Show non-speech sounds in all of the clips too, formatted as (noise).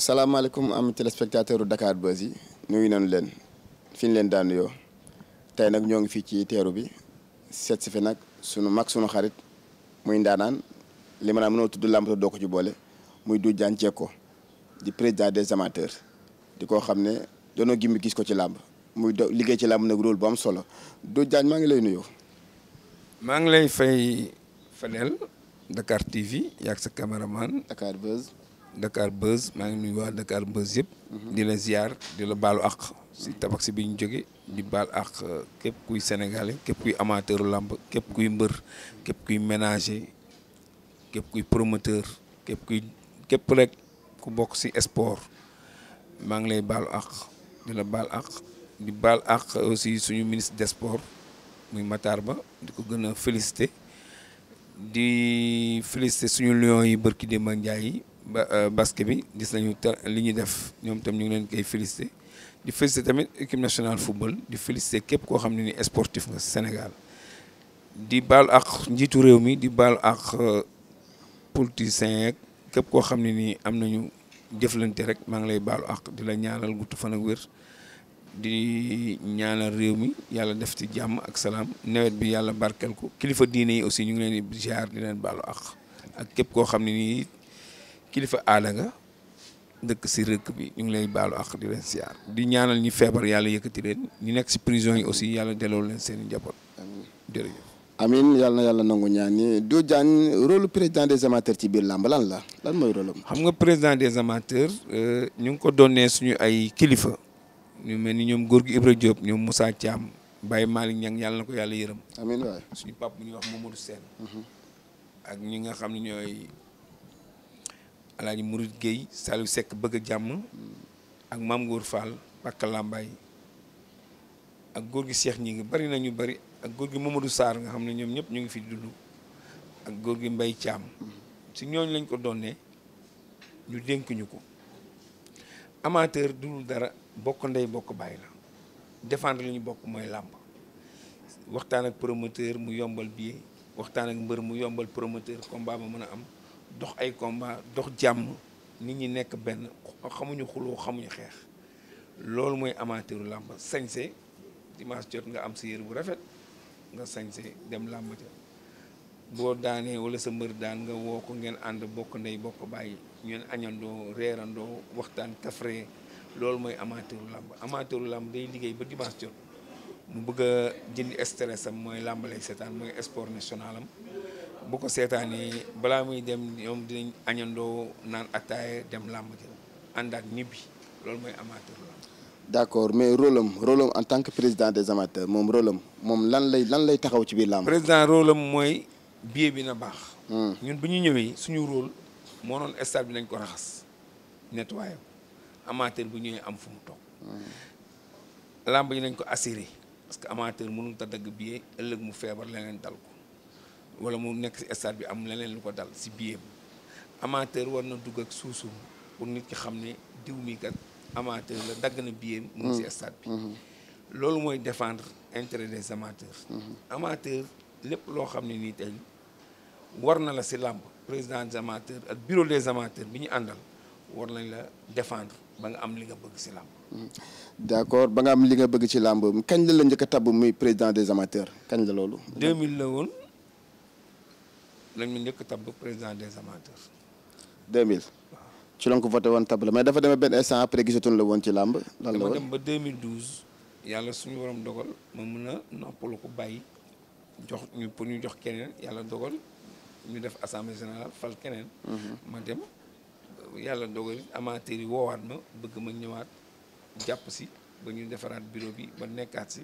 salaamaaleykum am téléspectateur Dakar Buzz yi nuyu nañu leen fi ñu leen daan nuyoo tey nag ñoo ngi fii ci teeru bi seet si fi nag sunu mag sunu xarit muy ndaanaan li ma naan mënoo tudd làmb doo ko ci boole muy Doudou Diagne ko di président des amateurs di ko xam ne doonoo gimmi gis ko ci làmb muy do liggéey ci làmb nag rôle bu am solo du Diagne maa ngi lay nuyoo. maa ngi lay fay Fadel Dakar TV yaag sa caméraman Dakar Buzz. Dakar Buzz maa ngi nuyu waa Dakar Buzz yëpp. Mhm. di la ziar di la baalu àq. si tabax si bi ñu jóge di baal àq euh, képp kuy sénégalais képp kuy amateur làmb képp kuy mbër képp kuy ménager képp kuy promoteur képp kuy képp rek ku bokk si sport maa ngi lay baalu àq di la baal àq di baal àq aussi suñu ministre des sports muy Matar Ba di ko gën a félicité di félicité suñu lion yi bër ki ak njaay yi Euh, basket bi gis nañu li ñuy def ñoom tam ñu ngi leen koy félicité di félicité tamit équipe nationale football di félicité képp koo xam ne ni sportif nga Sénégal di baal ak njiitu réew mi di baal ak euh, politicien yeeg képp koo xam ne nii am nañu jëflante rek maa ngi lay baalu ak di la ñaanal gudd fan wér di ñaanal réew mi yàlla def ci jàmm ak salaam nawet bi yàlla barkeel ko kilifa diine yi aussi ñu ngi leen di ziar di leen baalu ak ak képp koo xam ne nii. kilifa aada nga dëkk si rëkk bi ñu ngi lay baalu ak di leen siyaar di ñaanal ñi feebar yàlla yëkkati leen ñu nekk si prison yi aussi yàlla delloo leen seen i njaboot jërëjëf amin yàlla yàlla nangu ñaan yi Doudou Diagne rôle président des amateurs ci biir làmb lan la lan mooy rôle am xam nga président des amateurs euh, ñu ngi ko donnee suñu ay kilifa ñu mel ni ñoom góor gi Ibra Diop ñoom Moussa Thiam Baye Malick Niang yàlla na ko yàlla yërëm amiin waay suñu pap bu wax Mamadou alaaji Mouride géey Saliou Seck bëgg jàmm ak Maam Ngor Fall Pàkk Lambaay ak góor gi Cheikh ñi ngi bari na ñu bari ak góor gi Mamadou saar nga xam ne ñoom ñëpp ñu ngi fi dund ak góor gi Mbaye Thiam si ñooñ lañ ko doonee ñu dénk ñu ko amateur dul dara bokk ndey bokk bàyyi la défendre li ñu bokk mooy làmb waxtaan ak promoteur mu yombal billet waxtaan ak mbër mu yombal promoteur combat ba mën a am dox ay combat dox jàmm nit ñi nekk benn xamuñu xuloo xamuñu xeex loolu mooy amateuru làmb sañse dimanche jot nga am si yére bu rafet nga sañse dem làmb ja boo daanee wala sa mbër daan nga woo ko ngeen ànd bokk ndey bokk bàyyi ñeen añandoo reerandoo waxtaan kafree loolu mooy amateuru làmb amateuru làmb day liggéey ba dimanche jot mu bëgg a jëndi stress am mooy làmb lay seetaan mooy sport national am bu ko seetaanee balaa muy dem ñoom dinañ añandoo naan attaaye dem làmb ji àndaat ñibbi loolu mooy amateur la. d'accord mais rôle am rôle am en tant que président des amateurs moom rôle am moom lan lay lan taxaw ci biir làmb. président rôle mooy billet bi na baax. Hmm. ñun bu ñu ñëwee suñu rôle moo noon stade nañ ko raxas nettoyé ko bu ñëwee am fu mu toog. Hmm. làmb yi nañ ko assuré parce que amateur mënul ta dëgg billet ëllëg mu feebar leneen dal ko. wala mu nekk si stade bi am leneen lu ko dal si biir amateur war na dugg ak suusum pour nit ki xam ne diw mi kat amateur la dagg na biir mu ngi si mm-hmm. stade bi mm-hmm. loolu mooy défendre intérêt des amateurs mm-hmm. amateur lépp loo xam ne nii tey war na la si làmb président des amateurs ak bureau des amateurs bi ñu àndal war nañ la défendre ba nga am li nga bëgg si làmb d'accord ba nga am li nga bëgg ci làmb kañ la la njëkk a muy président des amateurs kañ loolu lañ ma njëkk tabb président des amateurs 2000 ci lañ ko woon tabb la mais dafa demee benn instant après gisatuñ la woon ci làmb lan la woon dama dem ba 2012 yàlla suñu waram dogal ma mën a noppalu ko bàyyi jox ñu pour ñu jox keneen yàlla dogal ñu def assemblée générale fal keneen mm-hmm. ma dem yàlla dogal amateur yi woowaat ma bëgg ma ñëwaat jàpp si ba ñu defaraat bureau bi ba nekkaat si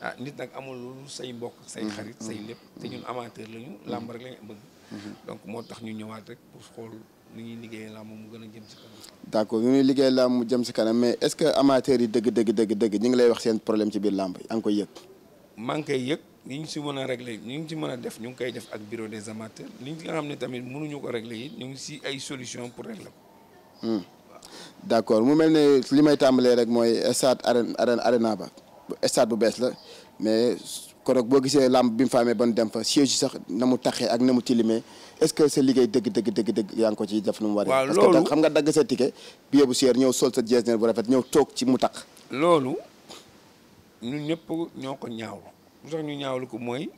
ah nit nag amul lu say mbokk say mm-hmm. xarit say mm-hmm. lépp te ñun amateur lañu mm-hmm. làmb rek lañu bëgg donc moo tax ñu ñëwaat rek pour xool nu ñuy liggéeyee làmb mu gën a jëm si kanam d' accord ñu ñuy liggéey mu jëm si kanam mais est ce que amateurs yi dëgg dëgg dëgg ñu ngi wax seen problème ci biir làmb yi anga koy yëg maa ñu si mën a régler ñu ngi si mën a def ñu ngi koy def ak bureau des amateurs nga xam ne tamit mënuñu ko régler yi ñu ngi si ay solution pour régler ko hmm. d' accord mu mel ne li may tàmbalee rek mooy stade arène arène arena ba stade bu bees la mais koroog boo gisee làmb bi mu fa amee ba nu dem fa siège yi sax na mu taxee ak na mu tilimee est-ce que sa liggéey dëgg dëgg dëgg yaa ngi ko ci def nu mu waree parce que xam nga dagg sa ticket billet bu seer ñëw sol sa jersey bu rafet ñëw toog ci mu tax loolu ñun ñëpp ñoo ko ñaawlu lu ñu ñaawlu ko mooy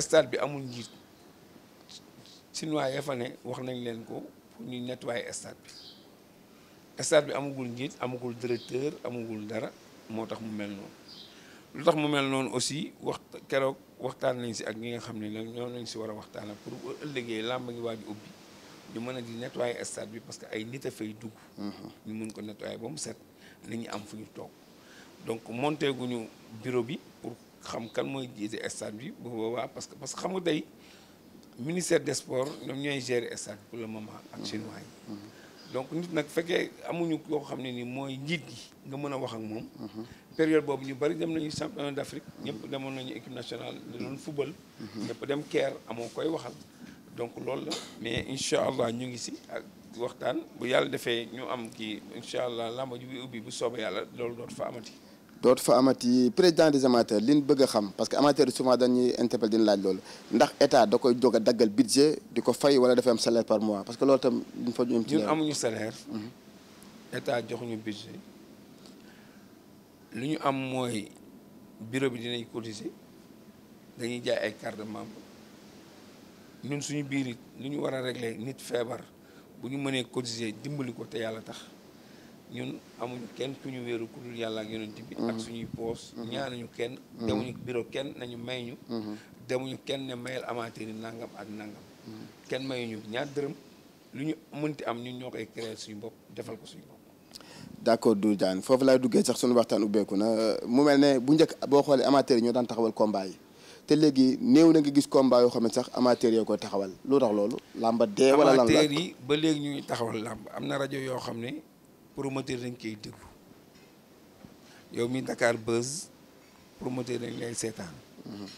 stade bi amul njiit chinois ya fa ne wax nañ leen ko ñu nettoyer stade bi stade bi amagul njiit amagul directeur amagul dara moo tax mu mel noonu lu tax mu mel noonu aussi wax keroog waxtaan nañ si ak ñi nga xam ne nag ñoo nañ si war a waxtaan pour bu ëllëgee làmb ngi waaj ubbi ñu mën a di nettoyer stade bi parce que ay nit a fay dugg. Mm-hmm. ñu mun ko nettoyer ba mu set li nañu am fu ñu toog donc monté guñu bureau bi pour xam kan mooy jiite stade bi bu waa parce que parce que xam nga tey ministère de sports ñoom ñooy gérer stade pour le moment ak mm-hmm. chinois yi. Mm-hmm. donc nit nag fekkee amuñu koo xam ne ni mooy njiit gi nga mën a wax ak moom. Mhm. période boobu ñu bari dem nañu championnat d'Afrique. ñëpp demoon nañu équipe nationale di doon football. Mhm. ñëpp dem keer amoo koy waxal. donc loolu la mais incha allah ñu ngi si ak waxtaan bu yàlla defee ñu am kii incha allah làmb ji bi ubbi bu soobee yàlla loolu dootu fa amati. dootu fa amati président des amateurs li ñu bëgg a xam parce que amateurs yi souvent dañuy interpellé dina laaj loolu ndax état da koy jóg a daggal budget di ko fay wala dafay am salaire par mois parce que loolu tam ñu fa ñu. ñun amuñu salaire. Mhm. état joxuñu budget lu ñu am mooy bureau bi dinañ cotiser dañuy jaay ay carte de membre ñun suñu biir it lu ñu war a régler nit feebar bu ñu mënee cotiser dimbali ko te yàlla tax. ñun amuñu kenn ku ñu wéeru ku dul yàlla ak yonent bi ak mm-hmm. suñuy poos mm-hmm. ñaanuñu kenn mm-hmm. demuñu bureau kenn nañu may ñu demuñu kenn ne mayal amateur nangam ak nangam kenn mayuñu ñaar dërëm lu ñu mënti am ñu ñoo koy créer suñu bopp defal ko suñu bopp d'accord Doudou Diagne foofu laay duggee sax suñu waxtaan ubbeeku na mu mel ne bu njëkk boo xoolee amateur ñoo daan taxawal combat te léegi néew na nga gis combat yoo xam ne sax amateur yoo koy taxawal lu tax loolu làmba dee wala lan la amateur ba léegi ñu ngi taxawal làmb am na rajo yoo xam ne promoteur dañ koy déglu yow mi ndakaar Buzz promoteur dañ lay seetaan mm-hmm.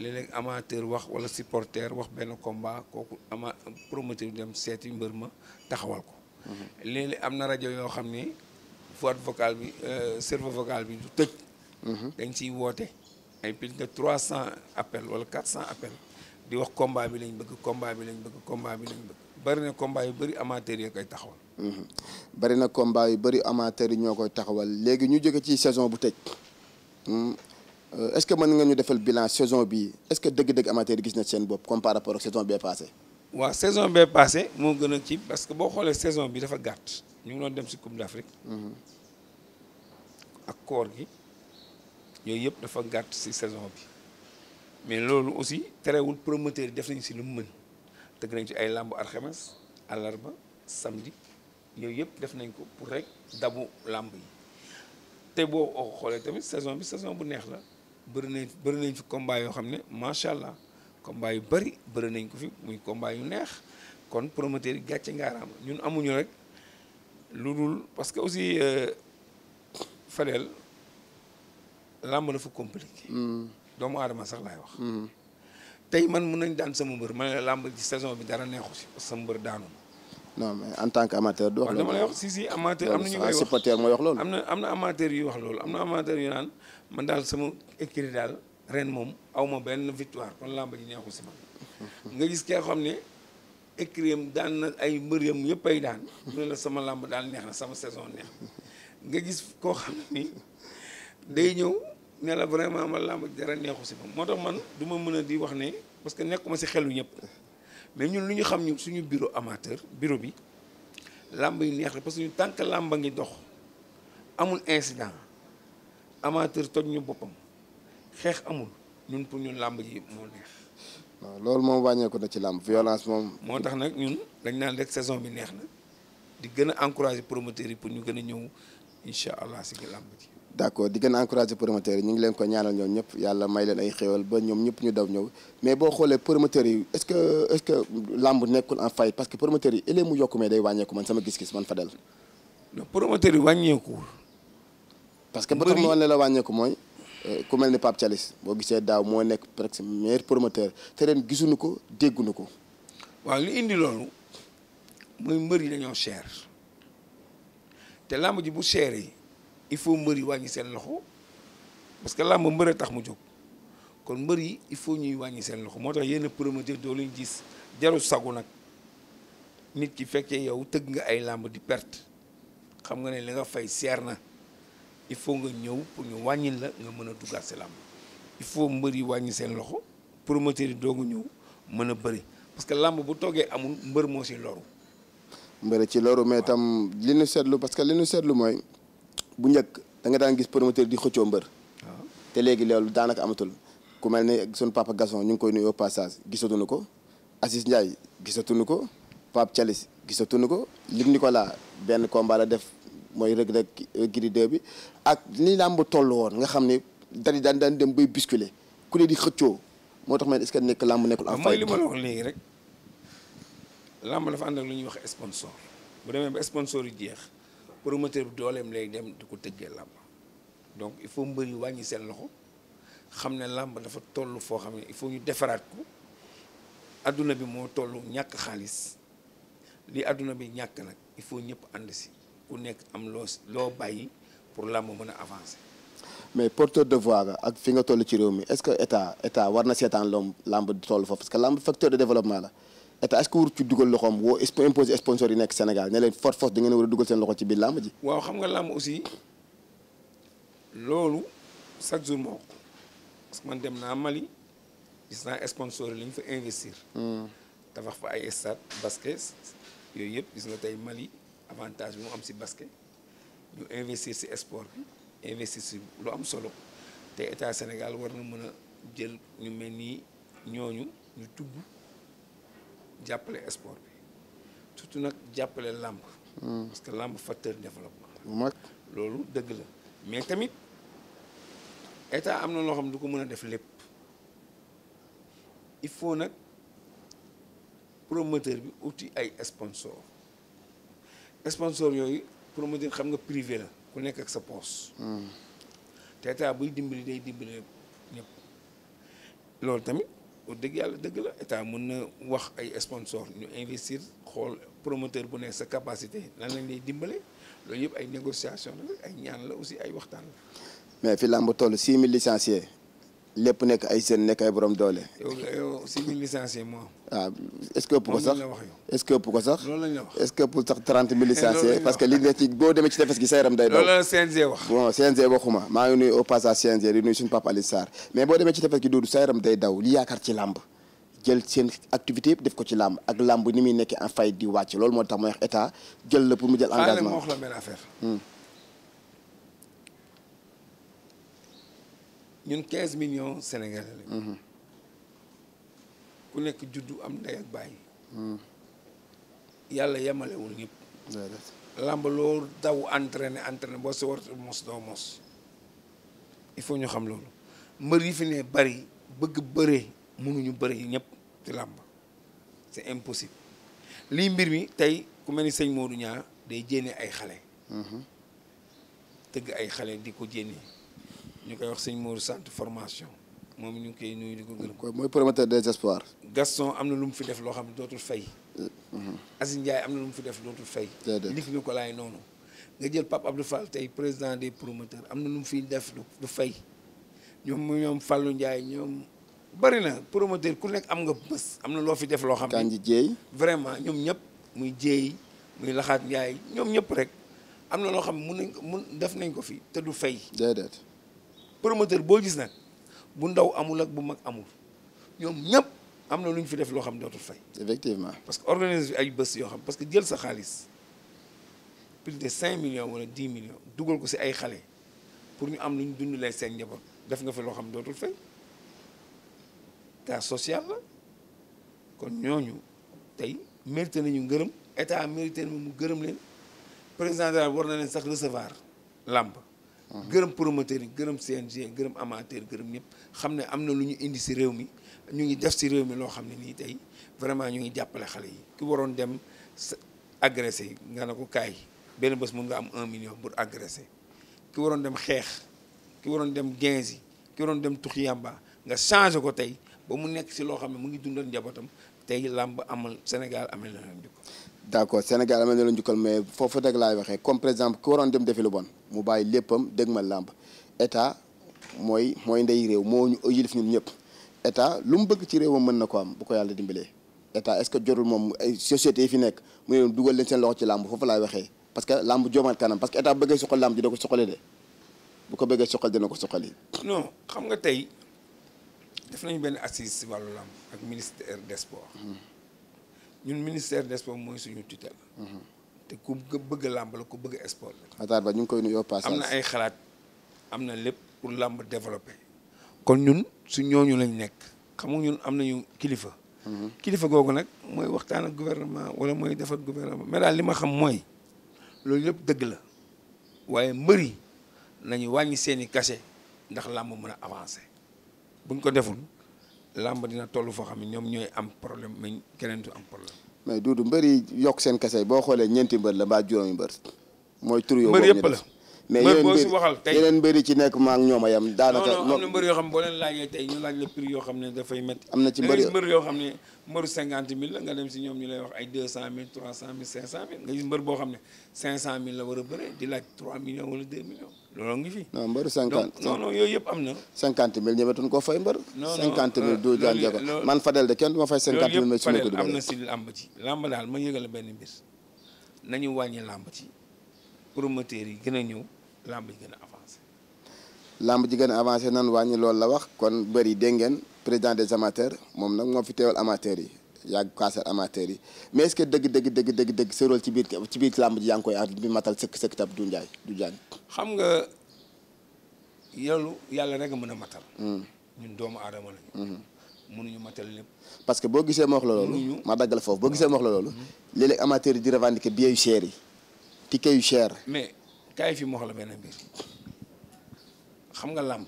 léeg-léeg amateur wax wala supporter wax benn combat kooku ama promoteur dem seeti mbër ma taxawal ko mm-hmm. léeg-léeg am na rajo yoo xam ne boîte vocal bi serveur euh, vocal bi du tëj mm-hmm. dañ siy woote ay plus de trois cent appel wala quatre cent appel di wax combat bi lañ bëgg combat bi lañ bëgg combat bi lañ bëgg bari na combat yu bëri amateur yi koy taxawal Mm-hmm. bari na combat yu bëri amateur yi ñoo koy taxawal léegi ñu jóge ci saison bu teg mm-hmm. euh, est-ce que mën nga ñu defal bilan saison bi est-ce que dëgg-dëgg amateur yi gis na seen bopp comme par rapport ak saison bee passé waaw saison bee passé moo gën a ci parce que boo xoolee saison bi dafa gàtt ñu ngi doon dem si Coupe d'Afrique mm-hmm. ak koor gi yooyu yëpp dafa gàtt si saison bi mais loolu aussi terewul promoteur def nañ si lu mu mën tëgg nañ ci ay làmb alxames àllarba samedi yooyu yëpp def nañ ko pour rek dabu làmb yi te boo xoolee tamit saison bi saison bu neex la bëri nañ bëri nañ fi combat yoo xam ne macha allah combat yu bari bëri nañ ko fi muy combat yu neex kon promoteur yi gàcce ngaaraam ñun amuñu rek lu dul parce que aussi euh, Fadel làmb fu compliqué. Hmm. doomu aadama sax laay wax. Hmm. tey man mun nañ daan sama mbër man la làmb ci saison bi dara neexu si parce que sama mbër daanu non mais en tant que amateur du wax loolu dama lay wax si si amateur am na ñu ah, koy wax loolu am na am na amateur yu wax loolu am na naan man daal sama écrit daal ren moom aw ma benn victoire kon làmb ji neexu si ma (laughs) nga gis kee xam ne écrit am daan na ay mbëriam yëpp ay daan sama làmb daal neex na sama saison neex nga gis koo xam ne day ñëw ne la vraiment ma làmb ji dara neexu si ma moo tax man du ma mën a di wax ne parce que nekkuma si xelu ñëpp mais ñun lu ñu xam ñu suñu biro amateur bureau bi làmb yu neex la parce que ñu tànk que làmba ngi dox amul incident amateur toj ñu boppam xeex amul ñun pour ñu làmb ji moo neex. waaw loolu moom wàññeeku na ci làmb violence moom. moo tax nag ñun dañ naan rek saison bi neex na di gën a encourager promoteurs yi pour ñu gën a ñëw incha allah si làmb ji. d' accord di gën a encouragé promoteurs yi ñu ngi leen ko ñaanal ñoom ñëpp yàlla may leen ay xéwal ba ñoom ñëpp ñu daw ñëw mais boo xoolee promoteurs yi est ce que que làmb nekkul en faillite parce que promoteurs yi ëllëg mu yokk mais day wàññeeku man sama gis-gis man parce que ba tax ma ne la wàññeeku mooy eh, ku mel ni Pape Thialis boo gisee daaw moo nekk presque meilleur promoteur te ren gisuñu ko dégguñu ko. waaw li indi loolu mooy mbër yi dañoo cher te làmb ji bu cher yi il faut mbër yi wàññi seen loxo parce que làmb mbër tax mu jóg kon mbër yi il faut ñuy wàññi seen loxo moo tax yenn promoteur doo leen gis jarul sagu nag nit ki fekkee yow tëgg nga ay làmb di perte xam nga ne li nga fay seer na il faut nga ñëw pour ñu wàññil la nga mën a duggaat si làmb il faut mbër yi wàññi seen loxo promoteur yi doogu ñëw mën a bëri parce que làmb bu toogee amul mbër moo si loru. mbër ci loru mais tam li ñu seetlu parce que li ñu seetlu mooy. bu njëkk da nga daan gis promoteur di xëccoo mbër te léegi loolu daanaka amatul ku mel ne sunu papa Gasson ñu ngi koy nuyu au passage gisatuñu ko Assis Ndiaye gisatuñu ko Pape Thialis gisatuñu ko Luc Nicolas benn combat def mooy rëg rëg Gris 2 bi ak ni làmb toll woon nga xam ne dari daan daan dem bay bousculer ku ne di xëccoo moo tax man est-ce que nekk làmb nekkul am fay li ma la wax léegi rek làmb dafa ànd ak lu ñuy wax sponsor bu demee ba sponsor yi jeex promoteur bi dooleem lay dem di ko tëggee làmb donc il faut mbër yi wàññi seen loxo xam ne làmb dafa tollu foo xam ne il faut ñu defaraat ko adduna bi moo toll ñàkk xaalis li adduna bi ñàkk nag il faut ñëpp ànd si ku nekk am loo loo bàyyi pour làmb mën a avancer. mais porteur de voix ga ak fi nga toll ci réew mi est-ce que état état war na seetaan lom làmb toll foofu parce que làmb facteur de développement la. état est-ce ci dugal loxoom woo imposé sponsor yi nekk Sénégal ne leen force force da ngeen war a dugal seen loxo ci biir làmb waaw xam nga làmb aussi loolu chaque jour moo ko man dem naa Mali gis naa sponsor yi li fa investir. Hmm. tabax fa ay stade basket yooyu yëpp gis nga tey Mali avantage bi mu am si basket ñu investir si sport bi investir si lu am solo te état Sénégal war na mën a jël ñu mel nii ñooñu ñu tudd. jàppale sport bi surtout nag jàppale làmb hmm. parce que làmb facteur développement mag loolu dëgg la mais tamit état am na loo xam du ko mën a def lépp il faut nag promoteur bi uti ay sponsor sponsor yooyu promoteur xam nga privé la ku nekk ak sa poos hmm. te état buy dimbali day dimbali ñëpp loolu tamit wax dëgg yàlla dëgg la état mën na wax ay sponsor ñu investir xool promoteur bu nekk sa capacité lan lañ lay dimbale loolu yëpp ay négociation la ay ñaan la aussi ay waxtaan la mais fi làmb toll six mille licenciés lépp nekk ay seen nekk ay borom doole. yow ah, yow est-ce que ëpp ko sax est-ce que ëpp sax. loolu la ñu wax est-ce que ëpp sax trente mille eh, licenciés parce que li ne ci boo demee ci tefes gi sa yaram day daw. loolu la CNG waxuma maa ngi nuyu au passage CNG di nuyu suñu papa Alioune mais boo demee ci tefes gi duudu sa yaram day daw li yaakaar ci làmb jël seen activité yëpp def ko ci làmb ak lamb ni muy nekkee fay di wàcc loolu moo tax mooy wax état la pour mu jël engagement. xaaral la benn ñun 15 millions sénégalais lañu. Mm-hmm. ku nekk juddu am ndey ak baay. Mm-hmm. yàlla yemalewul ñëpp. làmb loo daw entraîné entraîné boo si war mos doo mos. il faut ñu xam loolu mbër yi fi ne bari bëgg bëree mënuñu bëree ñëpp ci làmb c'est impossible lii mbir mi tey ku mel ni sëñ Modou Niang day jénne ay xale. Mm-hmm. tëgg ay xale di ko jénne. ñu koy wax sëñ Mourou centre formation moom ñu ngi koy nuyu di ko gërëm. ko mooy promoteur des espoirs. Gaston am na lu mu fi def loo xam ne dootul fay. Mm-hmm. Aziz Ndiaye am na lu mu fi def dootul fay. déedéet ni ko laay noonu. nga jël Pape Abdou Fall tey président des promoteurs am na lu mu fiy def du fay ñoom ñoom Fallou Ndiaye ñoom. bari na promoteur ku nekk am nga bés am na loo fi def loo xam ne Kandji Dieye vraiment ñoom ñëpp muy Dieye muy Laxaat Ndiaye ñoom ñëpp rek am na loo xam ne mun nañ ko mun def nañ ko fi te du fay déedéet promoteur boo gis nag bu ndaw amul ak bu mag amul ñoom ñëpp am na lu ñu fi def loo xam dootul fay. effectivement parce que organiser ay bës yoo xam parce que jël sa xaalis plus de 5 millions wala 10 millions dugal ko si ay xale pour ñu am lu ñu dundalee seen njaboot def nga fi loo xam dootul fay cas social la kon ñooñu tey mérité nañu ngërëm état mérité na mu gërëm leen président de war na leen sax recevoir làmb gërëm promoteur yi gërëm CNG gërëm amateur gërëm ñëpp xam ne am na lu ñu indi si réew mi ñu ngi def si réew mi loo xam ne nii tey vraiment ñu ngi jàppale xale yi ki waroon dem agressé yi nga ne ko kaay benn bés mun nga am un million pour agressé ki waroon dem xeex ki waroon dem gens yi ki dem tux nga changé ko tey ba mu nekk si loo xam ne mu ngi dundal njabootam tey làmb amal Sénégal amal na leen d' accord Sénégal amee na la njukkal mais foofu rek laay waxee comme par exemple ku waroon dem defi lu bon mu bàyyi léppam dégg ma làmb état mooy mooy ndey réew moo ñu yilif ñun ñëpp état lu mu bëgg ci réewam mën na ko am bu ko yàlla dimbalee état est ce que jorul moom ay sociétés yi fi nekk mu ne dugal leen seen loxo ci làmb foofu laay waxee parce que làmb joomaat kanam parce que état bëggee suqal làmb ji ko suqali de bu ko bëggee suqal dina ko suqali. non xam nga tey def nañu benn assise si wàllu làmb ak ñun ministère des sports mooy suñu tutelle. Mhm. te ku bëgg a làmb la ku bëgg a la. Matar Ba ñu ngi koy nuyoo am na ay xalaat am na lépp pour làmb développer. kon ñun su ñooñu lañ nekk xam nga ñun am nañu kilifa. Mhm. kilifa googu nag mooy waxtaan ak gouvernement wala mooy defar gouvernement mais daal li ma xam mooy loolu yëpp dëgg la waaye mbëri nañu wàññi seeni kase ndax làmb mën a avancé buñ ko deful. làmb dina toll foo xam ne ñoom ñooy am problème mais keneen du am problème. mais Doudou mbër yi yokk seen kase boo xoolee ñeenti mbër la mbaa juróomi mbër. mooy tur yooyu mbër yëpp la mais yeneen mbër yi ci xam ne boo leen laajee tey ñu laaj la mille la nga dem si ñoom ñu lay wax ay deux cent mille trois cent mille cinq cent mille nga gis mbër boo xam ne cinq cent mille la war a bëree di laaj trois millions wala deux millions loolu ngi fi. non mbaru cinquante non non yooyu yëpp am na. cinquante mille ñëwatuñu koo fay mbar. non cinquante mille euh, du jaan jago man Fadel de kenn du ma fay cinquante mille. mais su ma ko am na si làmb ci làmb ma yëgal benn mbir nañu wàññi làmb ci promoteurs yi gën a ñëw làmb ji gën a avancé. làmb nan wàññi loolu la wax kon bëri dégg ngeen président des amateurs moom nag moo fi teewal amateurs yi yàgg kaasal amateur yi mais est-ce que dëgg dëgg dëgg dëgg dëgg sa ci biir ci biir làmb ji yaa ngi koy at bi matal sëkk sëkk tab du njaay du jaan xam nga yoolu yàlla rek a mën a matal hmm. ñun doomu aadama lañu hmm. mënuñu matal lépp parce que boo gisee ma wax la ma daggal foofu boo gisee ma la loolu hmm. léeg-léeg amateur yi di revendiquer billets mais kaay fi ma wax nga làmb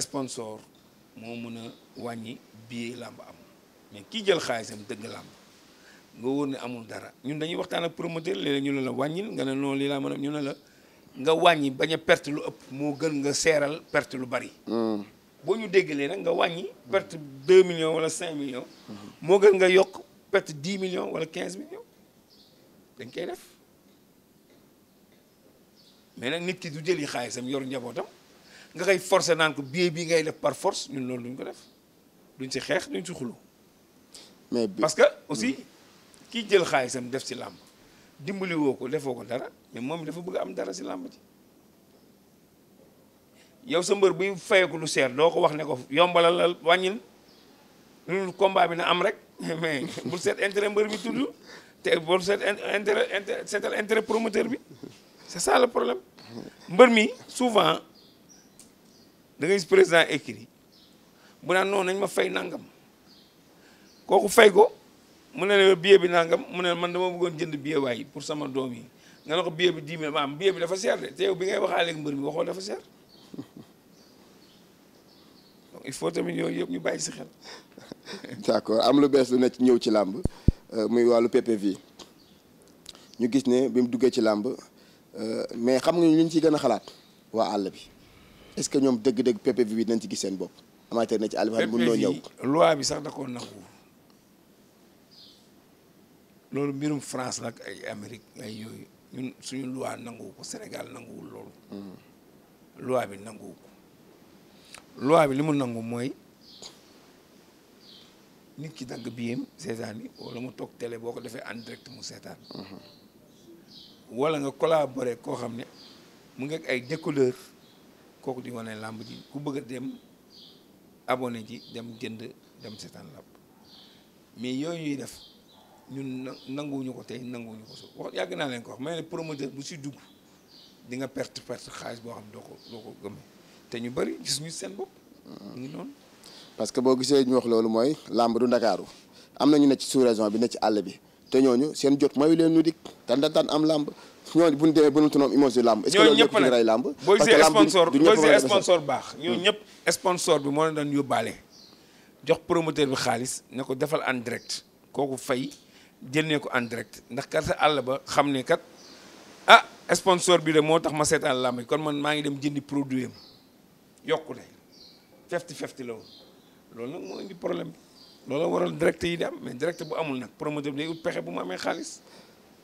sponsor moo mën a wàññi billet làmb am mais kii jël xaalisam dëgg làmb nga wóor ne amul dara ñun dañuy waxtaan ak promoteur léeg-léeg ñu ne la wàññil nga ne noonu lii laa mën a ñu ne la nga wàññi bañ a perte lu ëpp moo gën nga seeral perte lu bari. Hmm. boo ñu déggalee nag nga wàññi perte 2 millions wala 5 millions. moo gën nga yokk perte 10 millions wala 15 millions dañ koy def mais nag nit ki du jëli xaalisam yor njabootam. nga koy forcé naan ko billet bii ngay def par force ñun loolu duñ ko def duñ si xeex duñ si xulu mais parce que aussi hmm. kii jël xaalisam def si làmb dimbali ko defoo ko dara mais moom dafa bëgg am dara si làmb ji yow sa mbër buy fayeku lu seer doo ko wax ne ko yombalal la wàññil loolu combat bi na am rek (laughs) mais bul seet intérêt mbër mi tudd te bul seet intérêt seetal intérêt promoteur bi c'est ça le problème mbër mi souvent da ngay gis président écrit bu naan noonu nañ ma fay nangam kooku fay ko mu ne la billet bi nangam mu ne man dama bëggoon jënd billet waay pour sama doom yi nga ne ko billet bi 10 maam billet bi dafa seer de te yow bi ngay waxaaleeg mbër mi waxoo dafa seer (laughs) donc il faut tamit yooyu yëpp ñu bàyyi si xel. (laughs) d'accord am lu bees lu ne ñëw ci làmb euh, muy wàllu PPV ñu gis ne bi mu duggee ci làmb euh, mais xam nga ñu liñ ciy gën a xalaat waa àll bi. est-ce que ñoom dëgg-dëgg PPV bi dinañ ci gis seen bopp amateur na ci alifan mën noo ñëw loi bi sax da koo nangu loolu mbirum France la ak ay Amérique ay yooyu ñun suñu loi nanguwu ko Sénégal nanguwul loolu mm-hmm. loi bi nanguwu ko loi bi li mu nangu mooy nit ki dagg biyem seetaan yi wala mu toog tele boo ko defee en direct mu seetaan mm-hmm. wala nga collaborer koo xam ne mu ngi ay découleur kooku di wane làmb ji ku bëgg a dem abonné ji dem jënd dem seetaan làmb mais yooyu ñuy def ñun nangu nanguwuñu ko tey nanguwuñu ko su yàgg naa leen ko wax may ne promoteur bu si dugg di nga perte perte xaalis boo xam doo ko doo ko gëmee te ñu bëri gis ñu seen bopp. ñu mm. ngi noonu. parce que boo gisee ñu wax loolu mooy làmb du ndakaaru am na ñu ne ci sous-région bi ne ci àll bi. te ñooñu seen jot mayu leen ñu dikk tan tan tan am làmb ñooñu bu ñu demee ñëpp ray làmb. parce que làmb du ñëpp a baax ñooñu hmm. ñëpp sponsor bi moo leen daan yóbbaale jox promoteur bi xaalis ne ko defal en direct kooku fay jëndee ko en direct ndax kat sa àll ba xam ne kat ah sponsor bi de moo tax ma seetaan làmb kon man maa ngi dem jëndi produit yokku de fefti fefti la woon loolu moo indi problème looloo waral direct yi di am mais direct bu amul nag promoteur bi day ut pexe bu mu amee xaalis.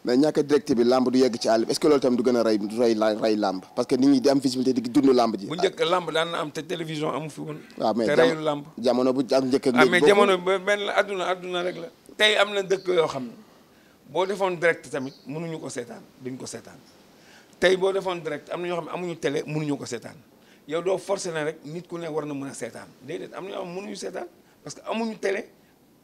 mais ñàkk direct bi làmb du yegg ci àll bi est-ce que loolu tam du gën a rey du rey rey làmb parce que nit ñi di am visibilité bu njëkk làmb daan ah, mais te reyul làmb. jamono bu ak njëkk ak ah, léegi mais jamono bi benn adduna adduna tey am na dëkk yoo xam ne boo defoon direct tamit mënuñu ko seetaan duñ ko seetaan tey boo defoon direct am na ñoo xam ne amuñu télé mënuñu ko seetaan yow doo forcé na rek nit ku ne war na mën a seetaan déedéet am na ñoo xam mënuñu seetaan parce que amuñu télé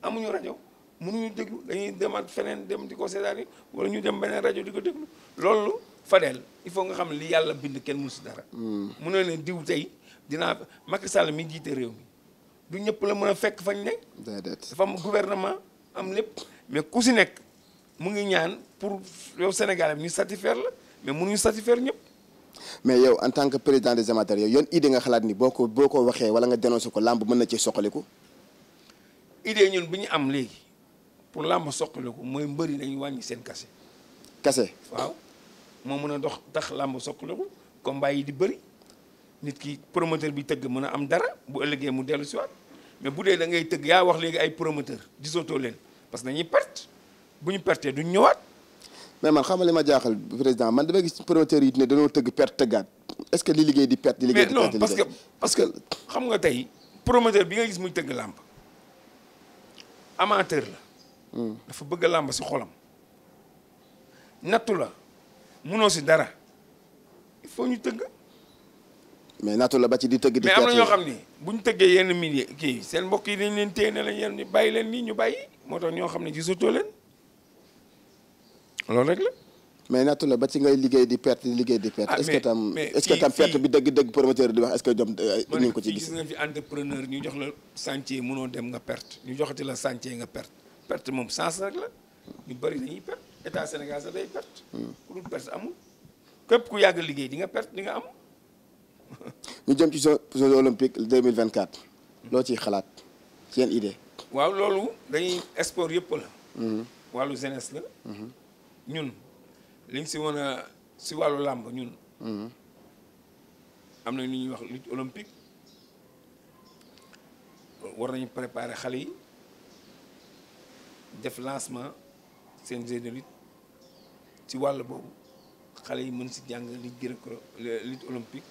amuñu rajo mënuñu déglu dañuy demaat feneen dem di ko seetaan wala ñu dem beneen rajo di ko déglu loolu Fadel il faut nga xam li yàlla bind kenn mënu si dara. Hmm. mu ne leen diw tey dinaa Macky Sall mi jiite réew mi du ñëpp la mën a fekk fañ ne. dafa am gouvernement am lépp. mais ku si nekk mu ngi ñaan pour yow Sénégal bi ñu satisfaire la mais mënuñu satisfaire ñëpp. mais yow en tant que président des amateurs yow yoon idée nga xalaat ni boo ko boo ko waxee wala nga dénoncé ko làmb mën na ci soqaliku. idée ñun bu ñu am léegi pour làmb soqali ko mooy mbëri nañu wàññi seen kase. kase waaw moo mun a dox tax làmb soqali ko mbay yi di bëri nit ki promoteur bi tëgg mën a am dara bu ëllëgee mu dellu si waat mais bu dee da ngay tëgg yaa wax léegi ay promoteur gisatoo leen parce que dañuy perte bu ñu pertee duñ ñëwaat. mais man xam nga li ma jaaxal président man dama gis promoteur yi ne dañoo tëgg perte tëggaat est-ce que li liggéey di perte. di liggéey di perte que parce que xam nga tey promoteur bi nga gis muy tëgg làmb. amateur la. dafa bëgg a làmb si xolam. nattu la munoo si dara il faut ñu tëgg. mais nattu la ba ci di tëgg. di mais am na ñoo xam ni bu ñu tëggee yenn mili kii seen mbokk yi dañ leen téye ne la yéen ñu bàyyi leen nii ñu bay moo tax ñoo xam ne gisatoo leen loolu rek la. mais nattu la ba ci ngay liggéey di perte di liggéey di perte. Ah, est-ce tam est-ce que tam perte bi dëgg-dëgg promoteur di wax est-ce jom euh, ñu ngi ko ci gis. gis nañ fi entrepreneur ñu jox dem nga perte ñu joxati la chantier nga perte perte moom sens rek bëri dañuy perte état Sénégal sax day perte. Hmm. ku dul perte amul képp ku yàgg liggéey di nga perte di nga am. (laughs) ñu jëm ci jeux olympiques 2024. Hmm. loo ciy xalaat seen idée. waaw loolu dañuy sport yëpp la. Hmm. wàllu jeunesse la. ñun. li si mën si wàllu làmb ñun. Mm-hmm. am na lu ñuy wax lutte olympique war nañu préparer xale yi def lancement seen jeu de lutte ci wàll boobu xale yi mën si jàng lutte gréco lutte olympique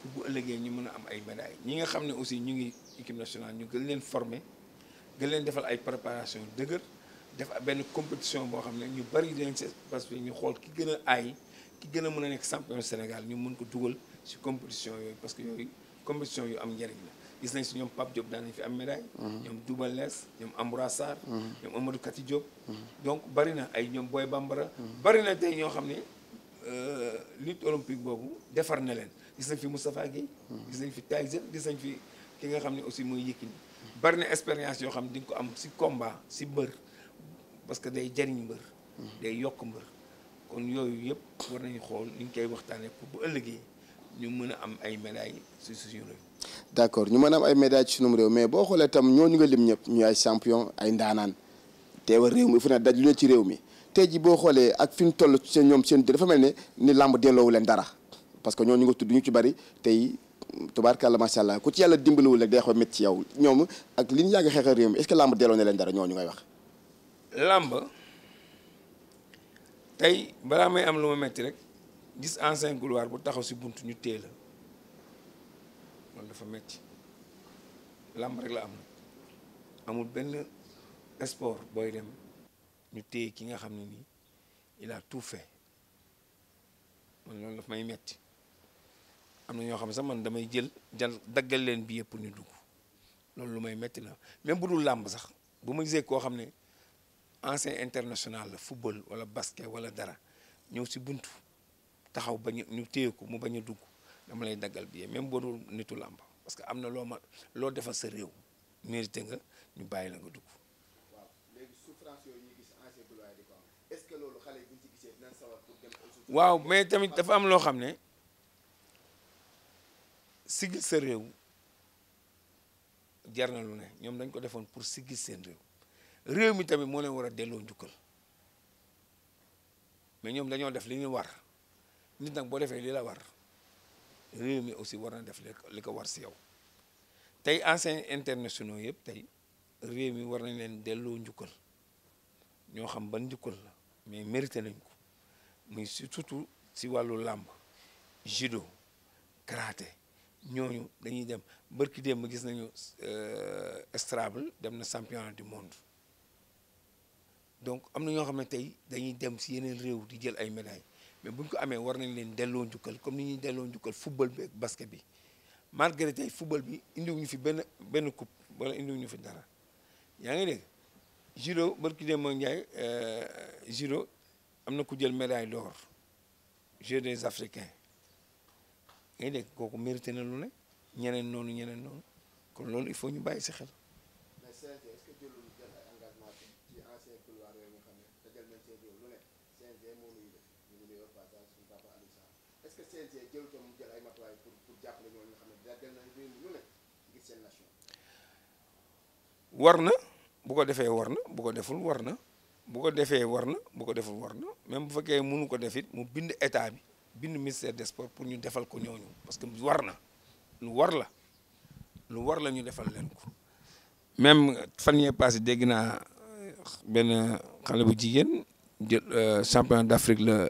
pour bu ëllëgee ñu mën a am ay médailles ñi nga xam ne aussi ñu ngi équipe nationale ñu gën leen former gën leen defal ay préparation dëgër. def benn compétition boo xam ne ñu bari dañ si parce que ñu xool ki gën a aay ki gën a mën a nekk champion Sénégal ñu mën ko dugal si compétition yooyu parce que yooyu compétition yu am njëriñ la gis nañ si ñoom Pape Diop daan fi am médaille. Mm-hmm. ñoom Double Less ñoom Ambroise Sarr. Mm-hmm. ñoom Amadou Kati mm-hmm. bari na ay ñoom Boy Bambara. bari na tey ñoo xam ne euh, lutte olympique boobu defar na leen gis nañ fi Moustapha Guèye. gis nañ fi Tyson gis nañ fi ki nga xam ne aussi mooy Yékini. bari na expérience yoo xam ne di ko am si combat si mbër. parce que day jariñ mbër day yokk mbër kon yooyu yëpp war nañu xool ni ñu koy waxtaanee pour bu ëllëgee ñu mën a am ay médailles si suñu réew d' ñu mën a am ay médailles ci suñu réew mais boo xoolee tam ñooñu nga lim ñëpp ñu ay champion ay ndaanaan teewal réew fu ne daj ci réew mi tey ji boo xoolee ak fi ñu toll seen ñoom seen dafa mel ne ni làmb delloowu leen dara parce que ñooñu nga tudd ñu ci bari tey tubaarkàlla macha allah ku ci yàlla dimbaliwul rek day xaw a métti ci yow ñoom ak ñu yàgg xeexal réew mi est ce que làmb delloo na leen dara ñooñu ngay wax làmb tey balaa may am lu ma metti rek gis ancien couloir bu taxaw si bunt ñu téye la loolu dafa metti làmb rek la am amul benn sport booy dem ñu téye ki nga xam ne nii il a tout fait man loolu dafa may metti am na ñoo xam ne sax man damay jël jal daggal leen bi yëpp ñu dugg loolu lu may metti la même bu dul làmb sax bu ma gisee koo xam ne ancien international la football wala basket wala dara ñëw si buntu taxaw ba ñu ñu téye ko mu bañ a dugg dama lay daggal bi même boo dul nitu làmb parce que am na loo ma loo defal sa réew mérité nga ñu bàyyi la nga dugg. waaw mais tamit dafa am loo xam ne sigil sa réew jar na lu ne ñoom dañ ko defoon pour sigil seen réew. réew mi tamit moo leen war a delloo njukkal mais ñoom dañoo def li ñu war nit nag boo defee li la war réew mi aussi war na def li ko war si yow tey anciens internationaux yëpp tey réew mi war nañ leen delloo njukkal ñoo xam ban njukkal la mais mérité nañ ko muy surtout si wàllu làmb judo karaté ñooñu dañuy dem bërki démb gis nañu euh, Strable dem na championnat du monde donc am na ñoo xam ne tey dañuy dem si yeneen réew di jël ay médailles mais buñ ko amee war nañ leen delloo njukkal comme ni ñuy delloo njukkal football bi ak basket bi malgré tey football bi indiwuñu fi benn benn coupe wala indiwuñu fi dara yaa ngi dégg judo barki dem moo Ndiaye judo euh, am na ku jël médaille d'or Jeux des Africains ngay dégg kooku mérité na lu ne ñeneen noonu ñeneen noonu kon loolu il faut ñu bàyyi si xel war na bu ko defee war na bu ko deful war na bu ko defee war na bu ko deful war na même bu fekkee mënu ko def it mu bind état bi bind ministère de sports pour ñu defal ko ñooñu parce que war na lu war la lu war la ñu defal leen ko même fan yee dégg naa euh, benn xale bu jigéen jël euh, champion d'Afrique la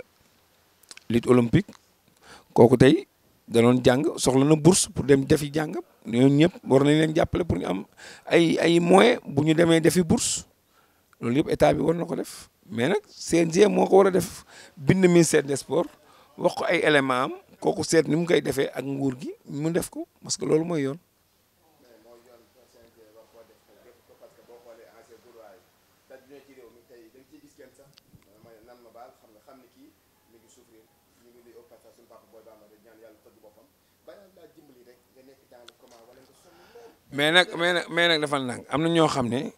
lutte olympique kooku tey danoon jàng soxla na bourse pour dem defi jàng ñoom ñëpp war nañ leen jàppale pour ñu am ay ay moye bu ñu demee defi bourse loolu yëpp état bi war na ko def mais nag CNG moo war a def bind ministère des sports wax ay éléments kooku seet ni mu koy defee ak nguur gi mu def ko parce que loolu mooy yoon. mais nag mais nag mais nag defal nang am na ñoo xam ne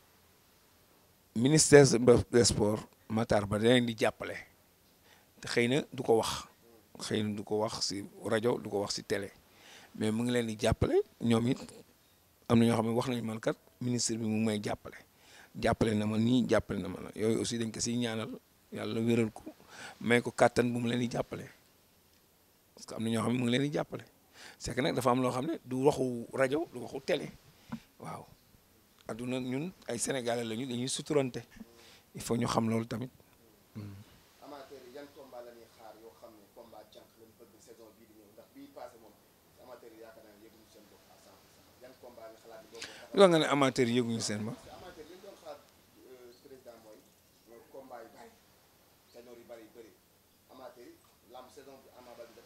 ministère des sports mataar Ba danañ di jàppale te xëy na du ko wax xëy na du ko wax si rajo du ko wax si télé mais mu ngi leen di jàppale ñoom it am na ñoo xam ne wax nañu man kat ministre bi mu ngi may jàppale jàppale na ma nii jàppale na ma la yooyu aussi dañ ko si ñaanal yàlla wéral ko may ko kàttan bu mu leen di jàppale parce que am na ñoo xam ne mu ngi leen di jàppale c'est nag dafa am loo xam ne du waxu rajo du waxu télé. waaw adduna ñun ay sénégalais lañu dañuy suturante il faut ñu xam loolu tamit. amateur yan combat la xaar yoo xam ne combat cànq lañ bëgg saison bii di ñëw ndax bii passé yaakaar naa yëguñu seen bopp à 100% yan combat nga ne amateur yi ñu seen bopp. amateur yi ñu doon xaar euh, yu bari yu bari bëri amateur yi lamb saison bi Ama Baldé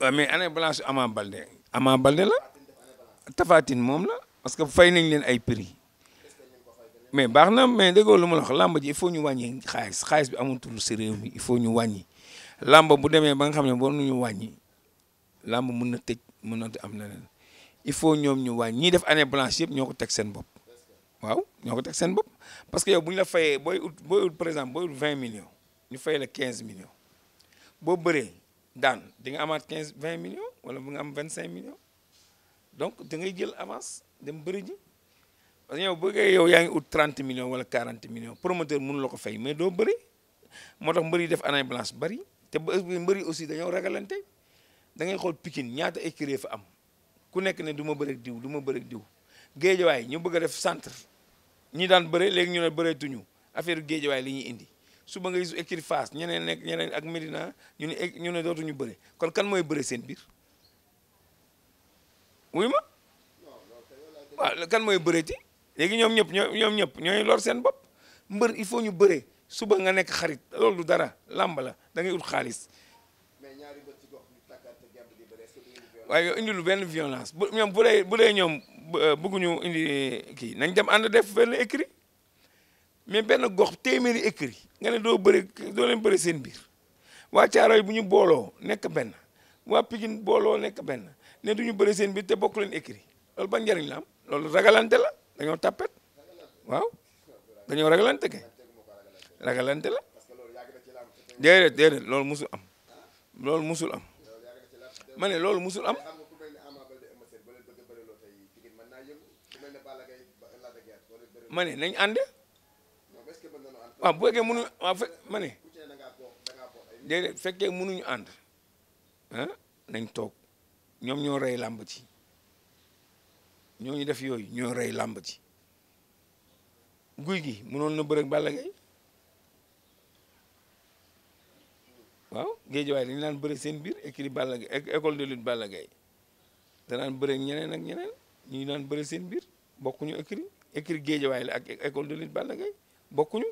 def mais année blanche Ama Baldé Ama Baldé la. tafaatin moom la parce que fay nañ leen ay prix mais baax na mais déggoo lu ma la wax làmb ji il ñu wàññi xaalis xaalis bi amatul si réew mi il ñu wàññi lamba bu demee ba nga xam ne war nañu wàññi làmb mun na tëj mun na am leneen il faut ñoom ñu wàññi ñiy def année blanche yëpp ñoo ko teg seen bopp waaw ñoo ko teg seen bopp parce que yow bu ñu la fayee booy ut par exemple booy ut 20 millions ñu fay la quinze millions boo bëree daan di nga amaat 15 20 millions wala bu nga am 25 millions. donc da ngay jël avance dem bëri ji parce que yow bëggee yow yaa ngi ut 30 millions wala 40 millions promoteur munu la ko fay mais doo bëri moo tax mbër yi def année blanche bëri te mbër mbëri aussi dañoo ragalante da ngay xool Pikine ñaata écurie fa am ku nekk ne du ma bëri diw du ma bëri diw géejawaay ñu bëgg a def centre ñi daan bëre léegi ñu ne bëreetuñu affaire géejawaay li ñuy indi suba nga gis écurie Fass ñeneen nekk ñeneen ak Médina ñu ne ñu ne dootuñu bëri kon kan mooy bëri seen biir wuy ma waaw kan mooy bëre ci léegi ñoom ñëpp ñoom ñëpp ñooy lor seen bopp mbër il faut ñu bëre suba nga nekk xarit loolu du dara làmb la da ut xaalis waaye yow indi lu benn violence bu ñoom bu dee bu ñoom bëgguñu euh, indi kii nañ dem ànd def benn écrit mais benn gox téeméeri écrit nga ne doo bëri doo leen bëri seen biir waa Caaroy bu ñu booloo nekk benn waa Pikine booloo nekk benn ne ñu bëri seen biir te bokk leen écrit loolu ban njariñ la am loolu ragalante la dañoo tàppet waaw dañoo ragalante kay ragalante la déedéet déedéet loolu musul am loolu musul am ma ne loolu musul am ma ne nañ ànd waaw bu fekkee mënuñu waaw fe ma ne déedéet fekkee mënuñu ànd ah, nañ toog ñoom ñoo rey làmb ci ñoo ñu def yooyu ñoo rey làmb ci guy gi mënoon na bërëg Balla Gaye waaw géej waaye dañu daan bëre seen biir écrit Balla Gaye école de lutte Balla danaan bëre ñeneen ak ñeneen ñu daan bëre seen biir bokkuñu écrit écrit géej waaye la ak école de lutte Balla Gaye bokkuñu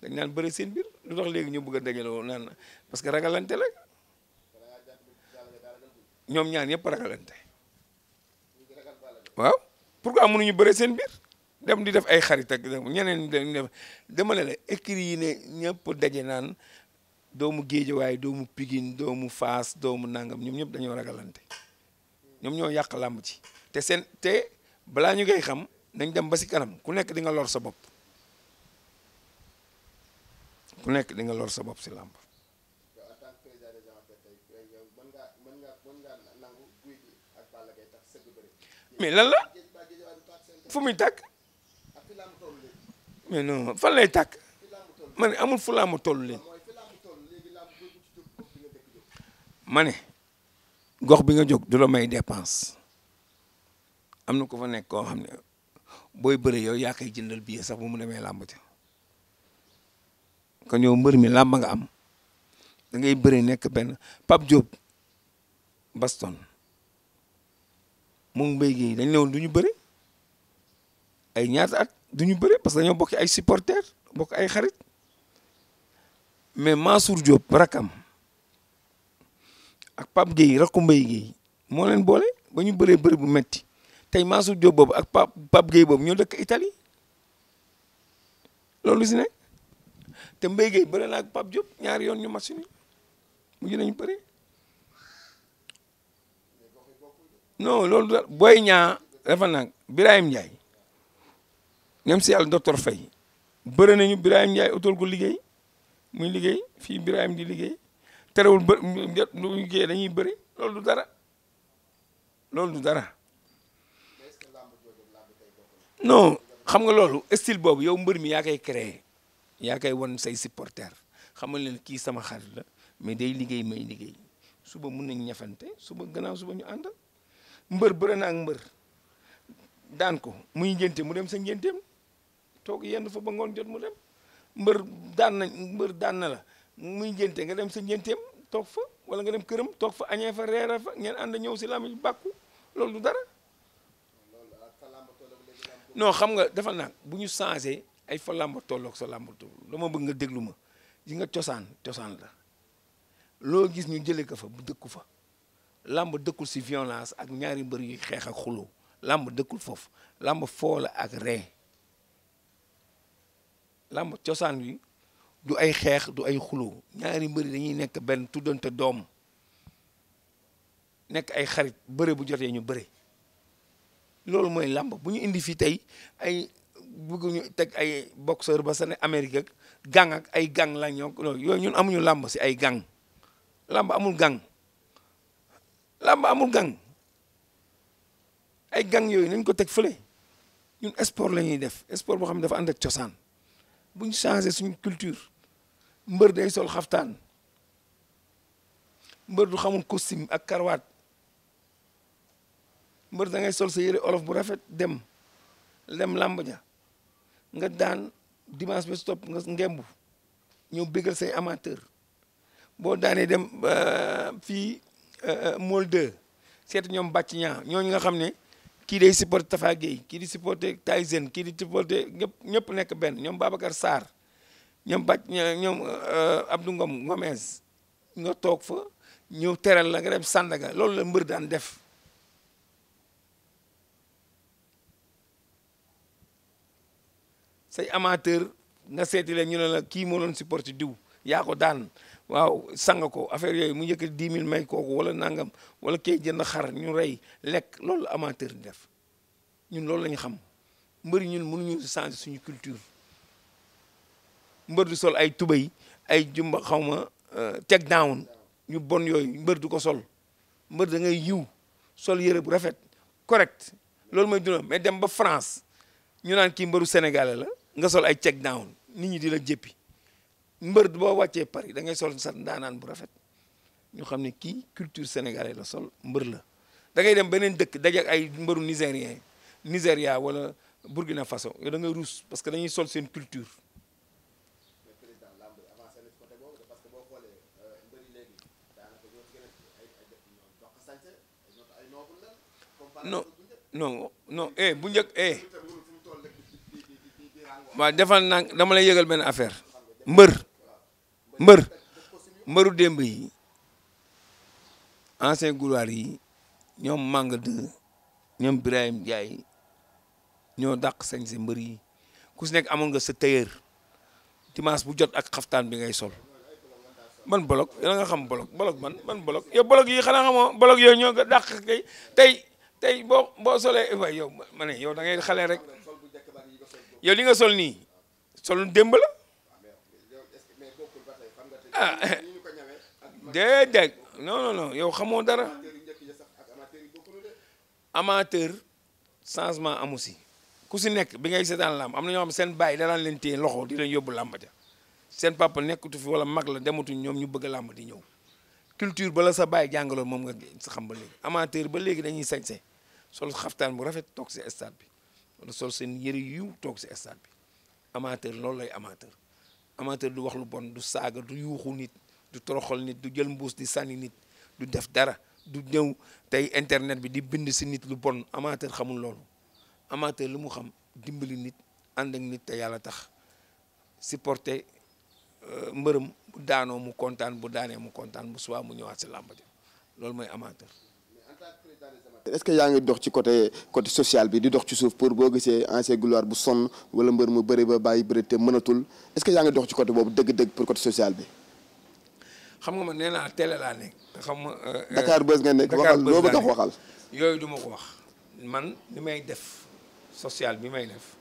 dañ naan bëre seen biir lu tax léegi ñu bugg a dajaloo naan parce que ragalante la. ñoom ñaan ñëpp ragalante waaw pour pourquoi mënuñu bëre seen biir dem di def ay xarit ak ñeneen dañuy demale ne la écrit yi ne ñëpp daje naan doomu géejawaay doomu Pikine doomu Faas doomu nangam ñoom ñëpp dañoo ragalante ñoom ñoo yàq làmb ci te seen te balaa ñu koy xam nañ dem ba si kanam ku nekk di nga lor sa bopp ku nekk di nga lor sa bopp si làmb mais lan la fu muy tàkk mais fan lay tàkk ma ne amul fu laamu toll leen ma ne gox bi nga jóg du la may dépense am na ko fa nekk koo xam ne booy bëre yow yaa koy jëndal billet sax bu mu demee làmb ci kon yow mbër mi làmb nga am dangay ngay nekk benn Pape Diop Baston moom Mbaye Guèye dañ ne woon du ñu bëre ay ñaata ak du ñu bëre parce que dañoo bokk ay supporters bokk ay xarit mais Mansour Diop rakam ak Pape Guèye rakku Mbaye Guèye moo leen boole ba ñu bëree bëri bu metti tey Mansour Diop boobu ak Pape Pape Guèye boobu ñoo dëkk itali loolu si ne te Mbaye Guèye bëre naa ak Pape Diop ñaari yoon ñu machine yi mujj nañu bëre. non loolu da Boy ñaa dafa nag Birahim Ndiaye ñoom si yàlla docteur Faye bëri nañu Birahim Ndiaye utal ko liggéey muy liggéey fii Birahim di liggéey terewul bë liggéey dañuy bëri loolu du dara loolu du dara non xam nga loolu style boobu yow mbër mi yaa koy créé yaa koy wan say supporter xamal leen kii sama xarit la mais day liggéey may liggéey suba mun nañ ñafante suba gannaaw suba ñu ànd mbër bëre na ak mbër daan ko muy ngénte mu dem sa ngénteem toog yenn fa ba ngoon jot mu dem mbër daan na mbër daan na la muy ngénte nga dem sa ngénteem toog fa wala nga dem këram toog fa añee fa reera fa ngeen ànd ñëw si làmb bàkku loolu du dara non xam nga dafa nag bu ñu changé ay fa làmba tolloog sa làmba tolloog dama bëgg nga déglu ma yi nga cosaan cosaan la loo gis ñu jëlee ko fa bu dëkku fa làmb dëkkul si violence ak ñaari mbër yuy xeex ak xuloo làmb dëkkul foofu làmb foo la ak ree làmb cosaan wi du ay xeex du ay xuloo ñaari mbëri dañuy nekk benn tuddante doom nekk ay xarit bëre bu jotee ñu bëre loolu mooy làmb bu ñu indi fii tey ay bëgguñu teg ay boxeur ba sa ne Amérique ak ay gang la ñoo yooyu ñun amuñu làmb si ay gang làmb amul gang làmb amul gang ay gang yooyu nañ ko teg fële ñun sport la ñuy def sport boo xam ne dafa ànd cosaan buñ changé suñ culture mbër day sol xaftaan mbër du xamul costume ak karwaat mbër da ngay sol sa yére olof bu rafet dem dem làmb ja nga daan dimanche bi stop nga ngemb ñëw bégal say amateur boo daanee dem fii Euh, euh, Mool 2 ñoom bàcc ñaa ñooñu nga xam ne kii day supporté Tafa Gueye kii di supporté Tyson kii di supporté ñëpp nekk benn ñoom Babacar Sarr ñoom bàcc ñoom euh, Abdou Ngom Ngomez nga toog fa ñëw teral la nga dem Sandaga loolu la mbër daan def say amateur nga seeti leen ñu ne la kii moo doon supporté diw yaa ko daan waaw sang ko affaire yooyu mu njëkk dix mille may kooku wala nangam wala kay jënd xar ñu rey lekk loolu amateur di def ñun loolu la xam mbër ñun mënuñu changer suñu culture mbër du sol ay tubay ay jumba xaw ma euh, teg down ñu bon yooyu mbër du ko sol mbër da ngay yiw sol yére bu rafet correct loolu mooy duna mais dem ba France ñu naan kii mbëru sénégalais la nga sol ay check down nit ñi di la jéppi mbër boo wàccee Paris da ngay sol sa ndaanaan bu rafet ñu xam ne kii culture sénégalaise la sol mbër la dangay dem beneen dëkk dajak ay mbëru nigérien Nigéria walla Burkina Faso yow da ngay ruus parce que dañuy sol seen culture non non non eh bu njëkk eh waaw defal naa dama lay yëgal benn affaire mbër mbër mbëru démb yi ancien gloire ñoom Manga 2 ñoom Birahim Ndiaye ñoo dàq sañ si mbër yi ku si nekk amoon nga sa tailleur dimanche bu jot ak xaftaan bi ngay sol man bolog yéen nga xam bolog bolog man man bolog yow bolog yi xanaa xamoo bolog yooyu ñoo nga dàq kay tey tey boo boo solee waay yow ma ne yow da ngay xale rek sol nii sol démb la ah déedéet non non non yow xamoo dara amateur changement amu si ku si nekk bi ngay seetaan làmb am na ñoo xam seen baay da leen téye loxo di leen yóbbu làmb ja seen papa nekkatu fi wala mag la dematuñ ñoom ñu bëgg a làmb di ñëw culture bala sa baay jàngaloon moom nga xam ba léegi amateur ba léegi dañuy sañse sol xaftaan bu rafet toog si stade bi wala sol seen yëre yu toog si stade bi amateur loolu lay amateur amateur du wax lu bon du saaga du yuuxu nit du toroxol nit du jël mbuus di sànni nit du def dara du ñëw tey internet bi di bind si nit lu bon amateur xamul loolu amateur li mu xam dimbali nit ànd nit te yàlla tax supporter euh, mbërëm bu daanoo mu kontaan bu daanee mu kontaan bu subaa mu ñëwaat si làmb loolu mooy amateur est-ce que yaa ngi dox ci côté côté social bi di dox ci suuf pour boo gisee ancien gloire bu sonn wala mbër mu bëri ba bàyyi bëri te mënatul est que yaa ngi dox ci côté boobu dëgg-dëgg pour côté social nga ma nee naa télé laa xam nga euh, euh, Dakar Buzz nga nekk waxal loo bëgg a yooyu du ma ko wax man li may def social bi may def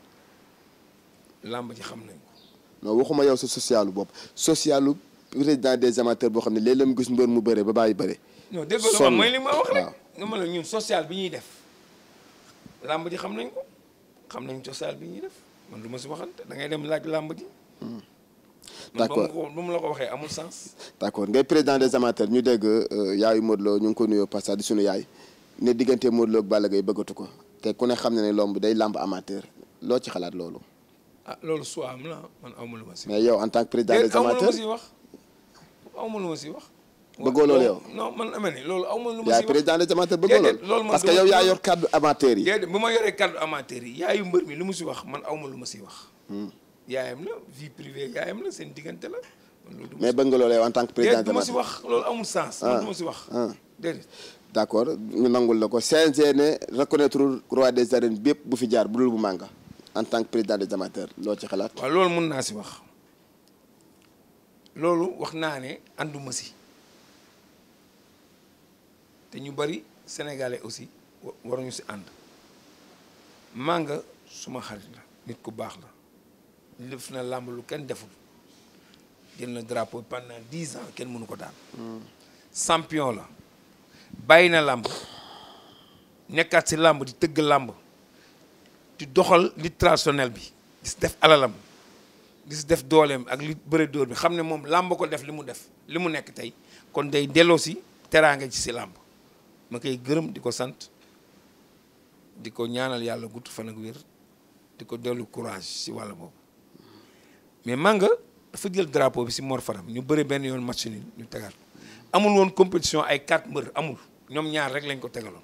làmb xam nañ waxuma yow sa socialu bopp socialu président des amateurs boo xam ne léeg-léeg mu gis mbër mu bëri ba bàyyi bëri. non dégg nga mooy li ma wax rek nga ma la ñun social bi ñuy def làmb ji xam nañ ko xam nañ social bi ñuy def man lu ma si wax da ngay dem laaj làmb ji. Hmm. d' accord mu la ko waxee amul sens. d' accord ngay président des amateurs ñu dégg euh, yaayu Modou Lo ñu ngi ko nuyoo passage di sunu yaay ne diggante Modou Lo ak Balla Gaye bëggatu ko te ku ne xam na ne lomb day làmb amateur loo ci xalaat loolu. ah loolu soo am la man aw ma yow en tant que président des amateurs aw ma lu ma si wax. bëggoo loolu yow non man loolu aw ma lu ma yaay président des amateurs bëggoo loolu parce que yow yaa yor kaddu amateurs yi ma yoree kaddu amateurs yi yaayu mbër mi lu mu si wax man aw ma lu ma si wax hmm. yaayam la vie privée yaayam la seen diggante la mais bëgg nga loolu en tant que président du si wax loolu amul sens man ah, si wax ah. déedéet ñu nangul la ko CNG ne reconnaître roi des arènes bépp bu fi jaar bu dul bu mànga en tant que président des amateurs loolu ci xalaat waaw loolu mun naa si wax loolu wax naa ne ànduma si te ñu bari sénégalais aussi waruñu si ànd màng suma xarit la nit ku baax la def na làmb lu kenn deful jël na drapeau pendant dix ans kenn mënu ko daan hmm. champion la bàyyi na làmb nekkaat si làmb di tëgg làmb di doxal li traditionnel bi di si def alalam di si def dooleem ak li bëre dóor bi xam ne moom làmb ko def li mu def li mu nekk tey kon dey delloo si teraanga ci si làmb ma koy gërëm di ko sant di ko ñaanal yàlla gudd fan ak wér di ko dellu courage si wàll boobu mais Manga dafa jël drapeau bi si Mor Fadam ñu bëri benn yoon match ni ñu tegal amul woon compétition ay quatre mbër amul ñoom ñaar rek lañ ko tegaloon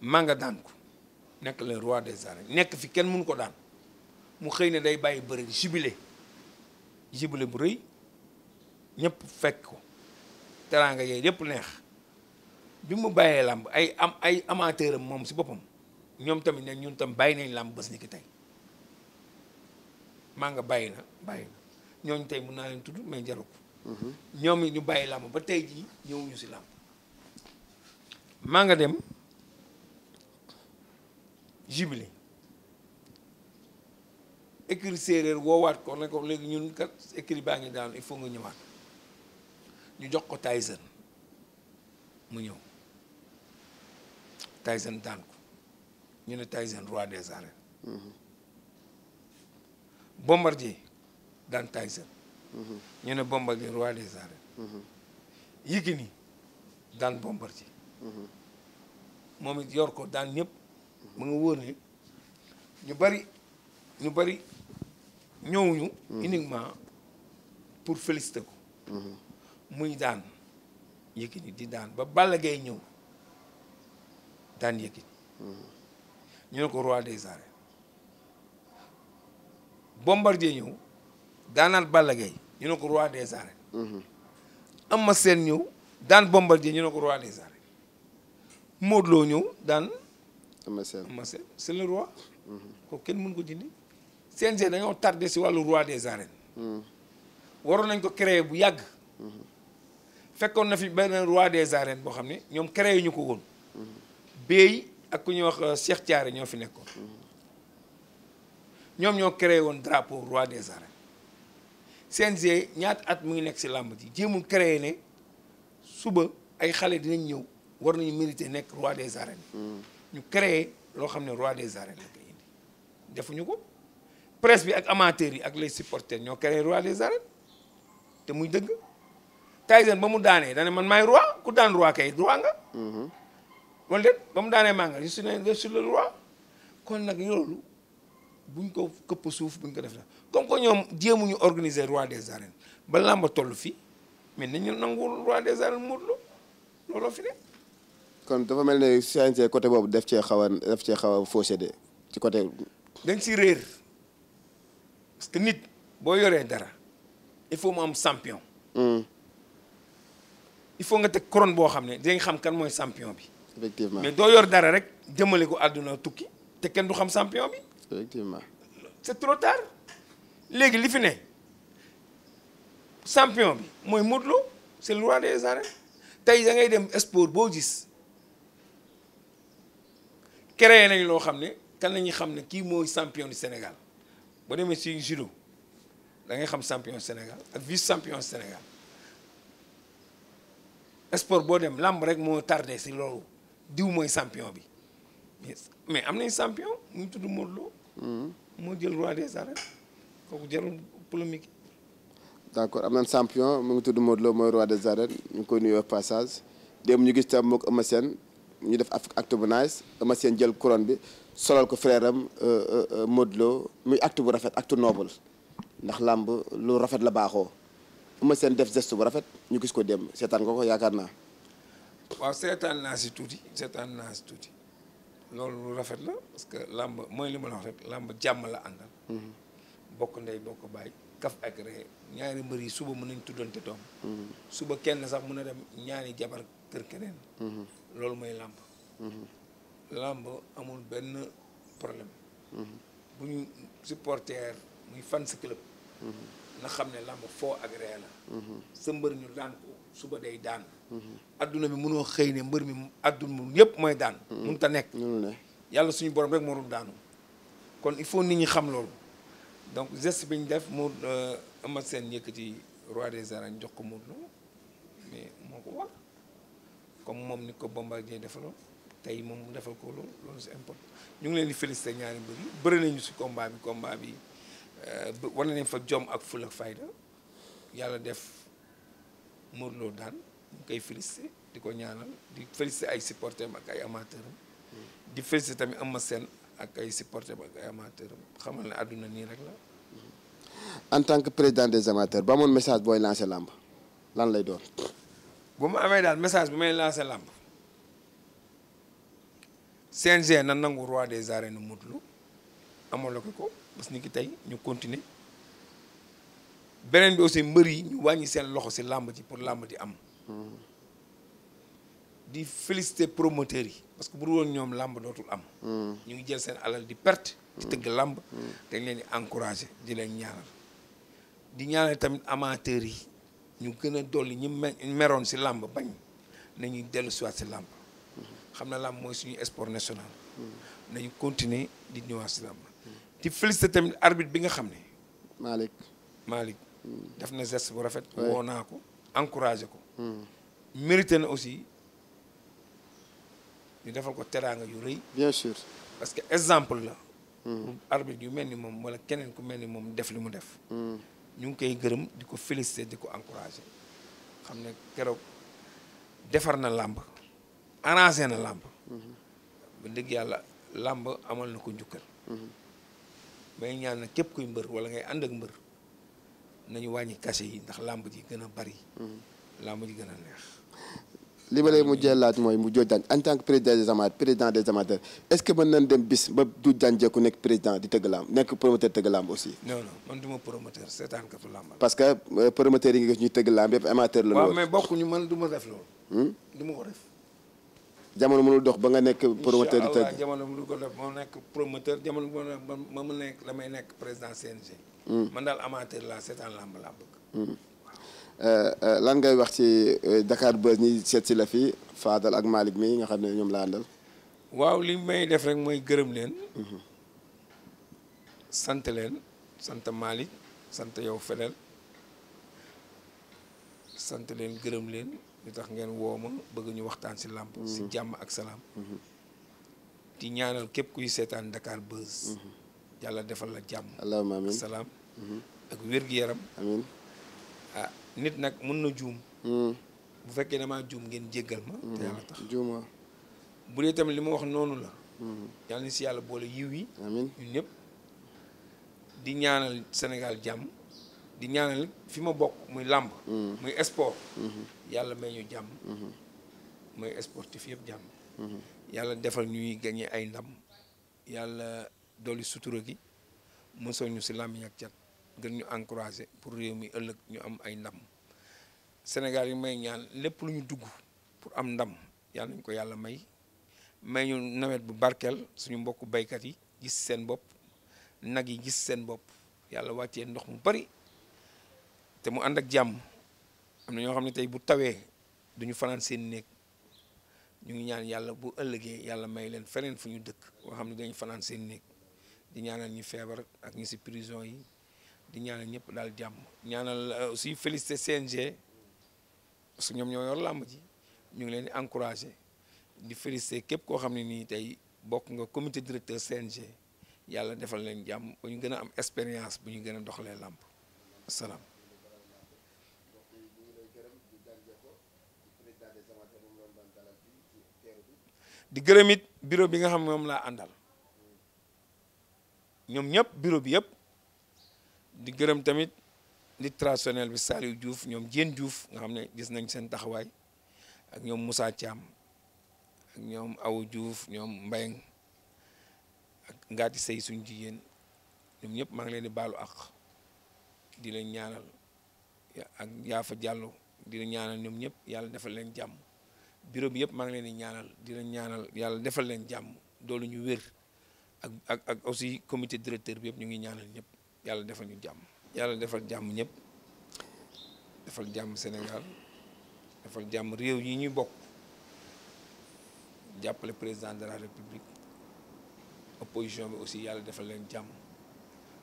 Manga daan ko nekk le roi des arènes nekk fi kenn mënu ko daan mu xëy na day bàyyi bëri jubilé jubilé bu rëy ñëpp fekk ko teraanga yooyu yëpp neex bi mu bàyyee làmb ay am ay amateur am moom si boppam ñoom tamit ne ñun tam bàyyi nañ làmb bés ni ki tey maa nga bàyyi na bàyyi na ñooñu tey mën naa leen tudd may jaru ko mhm. ñoom it ñu bàyyi làmb ba tey ji ñëwuñu si làmb maa nga dem jubilé écurie séeréer woowaat ko ne léegi ñun kat écurie baa ngi daanu il faut nga ñëwaat ñu jox ko Tyson mu ñëw Tyson daan ko ñu ne Tyson roi des arènes. Mm-hmm. Bombardier daan Tyson. Mm-hmm. ñu ne Bombardier roi des arènes. Mm-hmm. Yékini daan Bombardier. moom it yor ko daan ñëpp. mu nga wóor ne ñu bari ñu bari ñëwuñu. uniquement pour féliciter ko. muy daan Yékini di daan ba Balla Gaye ñëw. daan Yékini ñu ne ko roi des arènes Bombardier ñëw daanaat Balla Gaye ñu ne ko roi des arènes Eumeu Sène ñëw daan Bombardier ñu ne ko roi des arènes Modou Lo ñëw daan Eumeu Sène Eumeu Sène c'est roi ko kenn mën ko dindi CNG dañoo tardé si wàllu roi des arènes waroon nañ ko créer bu yàgg fekkoon na fi benn roi des arènes boo xam ne ñoom créé ñu ko woon Bey ak ku ñuy wax euh, Cheikh Thiaré ñoo fi nekkoon mm-hmm. ñoom ñoo créé woon drapeau roi des arènes CNG ñaata at mu ngi nekk si làmb ji jéemul créé ne suba ay xale dinañ ñëw war nañu mérité nekk roi des arènes. Mm-hmm. ñu créé loo xam ne roi des arènes la koy indi defuñu ko presse bi ak amateurs yi ak les supporters ñoo créé roi des arènes te muy dëgg Tyson ba mu daanee dane man maay roi ku daan roi kay roi nga. Mm-hmm. wala déet ba mu daanee manga je suis né sur le droit kon nag loolu buñ ko këpp suuf buñ ko def la comme que ñoom jéemuñu organiser roi des arènes ba làmba toll fii mais nañu nanguwul roi des arènes Modou Lô looloo fi ne. kon dafa mel ne CNG côté boobu def cee xaw a def cee xaw a faussé de ci côté. dañ si réer parce que nit boo yoree dara il faut mu am champion. Hmm. il faut nga teg couronne boo xam ne dinañ xam kan mooy champion bi. effectivement mais doo yor dara rek jëmale ko àdduna tukki te kenn du xam champion bi. effectivement c'est trop tard. léegi li fi ne champion bi mooy motlo Lo c'est le roi des arènes tey da ngay dem sport boo gis créé nañ loo xam ne kan la ñuy xam ne kii mooy champion du Sénégal boo demee ci judo da xam champion Sénégal ak vice champion Sénégal sport boo dem làmb rek moo tardé si loolu. diw mooy champion bi mais am na champion mu tudd Modou hmm. moo jël roi des kooku jarul polémique. d' accord am nañ champion mu ngi tudd Modou Lo mooy roi des arènes ñu ngi koy nuyoo passage démb ñu gis tam mook Eumeu Sène ñu def acte bu nice Eumeu Sène jël couronne bi solal ko frère am euh, euh, euh, Modou Lo muy acte bu rafet actu noble ndax làmb lu rafet la baaxoo Eumeu Sène def geste bu rafet ñu gis ko démb seetaan nga ko yaakaar naa. waaw seetaan naa si tuuti seetaan naa si tuuti loolu lu rafet la parce que làmb mooy li ma la wax rek làmb jàmm la àndal. Mm-hmm. bokk ndey bokk baay kaf ak ree ñaari mbër yi suba mun nañ tuddante doom. Mm-hmm. suba kenn sax mun a dem ñaari jabar kër keneen. Mm-hmm. loolu mooy làmb. làmb amul benn problème. bu ñu supporter muy fans club. na xam ne làmb foo ak ree la sa mbër ñu daan suba day daan adduna bi mënoo xëy ne mbër mi adduna yëpp mooy daan mun ta nekk yàlla suñu borom rek moo doon daanu kon il faut nit ñi xam loolu donc geste bi ñu def mu ama seen yëkkati roi des arènes jox ko Modou Lo mais moo ko war comme moom ni ko Bombardier defaloon tey moom mu defal ko loolu loolu c'est important ñu ngi leen di féliciter ñaari mbër yi bëri nañu ci combat bi combat bi Eh, wane nañ fa jom ak ful ak fayda yàlla def Modou Lo daan mu koy félicité di ko ñaanal di félicité ay supporters am ak ay amateurs am di félicité tamit Eumeu Sène ak ay supporters am ak ay amateurs xamal ne àdduna nii rek la. en tant que président des amateurs ba amoon message booy lancé làmb lan lay doon. bu ma amee daal message bi may lancé làmb CNG na nangu roi des arènes Modou Lo amaloo ko ko. bés ni ki tey ñu continuer beneen bi aussi mbër yi ñu wàññi seen loxo si làmb ji pour làmb di am. di féliciter promoteurs yi parce que bu dul woon ñoom làmb dootul am. Hmm. ñu ngi jël seen alal di perte. ci tëgg làmb. Hmm. dañ leen di encourager di leen ñaanal. di ñaanal tamit amateurs yi ñu gën a dolli ñu meroon si làmb bañ nañuy dellu siwaat si làmb. Hmm. xam na làmb mooy suñu esport national. nañu continuer di ñëwaat si làmb. di félicité tamit arbitre bi nga xam ne. Malick Malick mm. def na geste bu rafet. woo naa ko encouragé ko. Mm. mérité na aussi ñu defal ko teraanga yu rëy. parce que exemple la. Mm. arbitre yu mel ni moom wala keneen ku mel ni moom def li mu def. ñu ngi koy gërëm di ko félicité di ko encouragé xam ne keroog defar na làmb arrangé na làmb. Mm-hmm. ba dëgg yàlla làmb amal na ko njukkal. Mm-hmm. may ñaan nag képp kuy mbër wala ngay ànd ak mbër nañu wàññi kase yi ndax làmb ji gën a bari. Mm-hmm. làmb ji gën li ma mu mujjee laaj mooy mu jooj daan en tant que président des amateurs président des est-ce que mën nañ dem bis ba du daan jekku nekk président di tëgg làmb nekk promoteur tëgg làmb aussi. non non man du ma promoteur seetaan katu làmb parce que euh, promoteurs yi nga gis ñuy tëgg làmb yëpp amateur la. loolu waaw mais bokkuñu man du ma def loolu. Hmm? du ma ko def. jamono mënul dox ba nga nekk promoteur di tëgg jamono mënul ko dox ba ma nekk promoteur jamono ba ma ma nekk damay nekk président CNG. Hmm. man daal amateur laa seetaan làmb laa bëgg. Hmm. Euh, euh, lan ngay wax ci euh, Dakar Buzz ñi seet si la fi faadal ak Malick mi nga xam ne ñoom laa àndal. waaw li may def rek mooy gërëm leen. Hmm. sant leen sant Malick sant yow Fadal sant leen gërëm leen. li tax ngeen woo ma bëgg waxtaan si làmp mm-hmm. jàmm ak salaam mm-hmm. di képp kuy seetaan Dakar Buzz mm-hmm. defal la jàmm allahumma yaram ah, nit nag mën na juum mm. bu fekkee damaa juum ngeen jéggal ma te yàlla tax juuma bu dee tamit li ma wax noonu la yàlla ni si yàlla boole yiw yi amiin di ñaanal senegal jàmm di ñaanal fi ma bokk muy làmb mm. muy sport mm-hmm. yàlla may ñu jàmm mm-hmm. muy sportif yëpp jàmm mm-hmm. yàlla defal ñuy gagné ay ndam yàlla dolli sutura gi mosoo ñu si làmmiñ ak cat gën ñu encouragé pour réew mi ëllëg ñu am ay ndam Sénégal yi may ñaan lépp lu ñu dugg pour am ndam yàlla nañu ko yàlla may may ñu nawet bu barkeel suñu mbokku baykat yi gis seen bopp nag yi gis seen bopp yàlla wàcce ndox mu bari te mu ànd ak jàmm am na ñoo xam ne tey bu tawee duñu fanaan seen néeg ñu ngi ñaan yàlla bu ëllëgee yàlla may leen feneen fu ñu dëkk koo xam ne dañu fanaan seen néeg di ñaanal ñu feebar ak ñu si prison yi di ñaanal ñëpp daal jàmm ñaanal euh, aussi félicité CNG parce que ñoom ñoo yor làmb ji ñu ngi leen di encouragé di félicité képp koo xam ne nii tey bokk nga comité directeur CNG yàlla defal leen jàmm bu ñu gën a am expérience bu ñu gën a doxalee làmp asalaam di gërëm it bureau bi nga xam ne moom laa àndal ñoom ñëpp bureau bi yëpp di gërëm tamit lutte traditionnelle bi Saliou Diouf ñoom Diène juuf nga xam ne gis nañ seen taxawaay ak ñoom Moussa Thiam ak ñoom Awu juuf ñoom Mbayang ak ngaati sey suñ jigéen ñoom ñëpp maa ngi leen di baalu ak di leen ñaanal ak Yaafa Diallo di leen ñaanal ñoom ñëpp yàlla defal leen jàmm bureau bi yëpp maa ngi leen di ñaanal dina ñaanal yàlla defal leen jàmm doolu ñu wér ak ak ak aussi commité directeur bi yëpp ñu ngi ñaanal ñëpp yàlla defal ñu jàmm yàlla defal jàmm ñëpp defal jàmm Sénégal defal jàmm réew yi ñuy bokk jàppale président de la république opposition bi aussi yàlla defal leen jàmm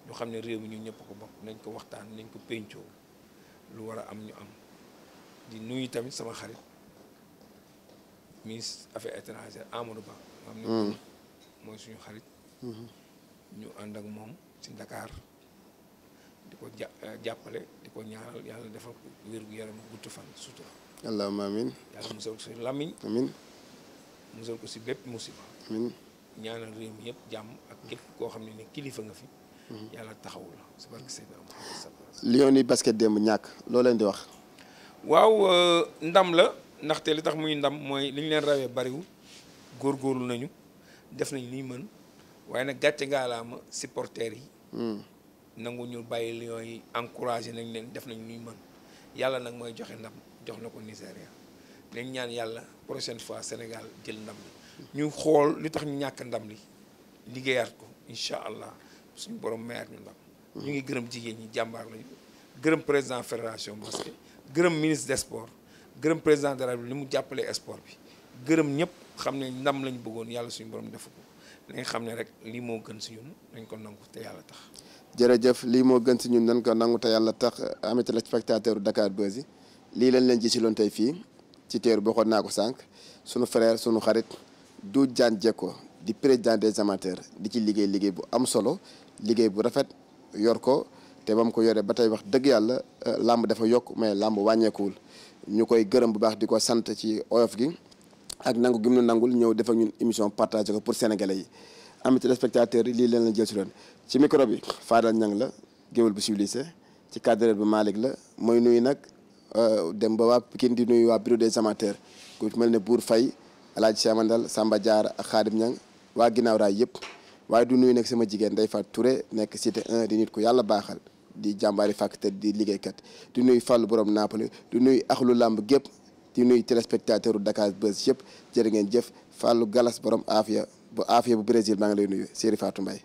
ñu xam ne réew mi ñu ñëpp ko bokk nañ ko waxtaan nañ ko péncoo lu war a am ñu am di nuyu tamit sama xarit ministre affaires étrangères Amadou Ba. xam mm. mooy suñu xarit. Mm-hmm. ñu ànd ak moom ci ndakaar di ko ja euh, jàppale di ko ñaanal yàlla defal ko wér gu yaram gudd fan sutura. allahumma amiin. yàlla musal ko si làmmiñ. amiin. musal ko si bépp musiba. amiin. ñaanal réew mi yëpp jàmm ak képp koo xam ne ni kilifa nga fi. Mm-hmm. yàlla taxawu la si barke Seydina yi basket démb ñàkk loo leen di wax. waaw euh, ndam la. ndaxte li tax muy ndam mooy li ñu leen rawee góor góorgóorlu nañu def nañ li mën waaye nag gàcce gaalaama supporters yi. Hmm. nangu ñu bàyyi Lions yi encouragé nañ leen def nañ li mën yàlla nag mooy joxe ndam jox na ko Nigéria dañ ñaan yàlla prochaine fois Sénégal jël ndam li ñu xool li tax ñu ñàkk ndam li liggéeyaat ko incha allah suñu borom mayaat ñu ndam. Hmm. ñu ngi gërëm jigéen ñi jàmbaar lañu gërëm président fédération basket gërëm ministre des sports. gërëm président de la li mu jàppale sport bi gërëm ñëpp xam ne ndam lañ bëggoon yàlla suñu borom defu ko li nga xam ne rek lii moo gën si ñun dañ ko nangu te yàlla tax. jërëjëf lii moo gën si ñun dañ ko nangu te yàlla tax amit la spectateur Dakar Buzz yi lii lañ leen ji si loon tey fii ci teeru bokkoon naa ko sànq sunu frère suñu xarit du Diagne Diecko di président des amateurs di ci liggéey liggéey bu am solo liggéey bu rafet yor ko te ba mu ko yoree ba tey wax dëgg yàlla euh, làmb dafa yokk mais làmb wàññeekuwul. ñu koy gërëm bu baax di ko sant ci oyof gi ak nangu gi mu nangul ñëw def ak ñun émission partagé ko pour sénégalais yi amit téléspectateurs yi lii leen la jël si doon ci micro bi Fadal Niang la géwél bu civilisé ci cadre bi Malick la mooy nuyu nag euh, dem ba waa Pikine di nuyu waa bureau de amateurs ku mel ne Bour Faye Alaaji Samandal Samba Diar ak Khadim waa ginnaaw raay yëpp waaye du nuyu nag sama jigéen Ndeye Fatou Touré nekk cité 1 di nit ku yàlla baaxal di jàmbaari fàkk te di liggéeykat di nuy fàllu borom Napoli di nuy axlu làmb gépp di nuy téléspectateur Dakar Buzz yëpp jërë ngeen jëf fàllu galas borom Afia bu Afia bu Brésil maa ngi lay nuyu Serigne Fatou Mbaye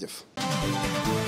jëf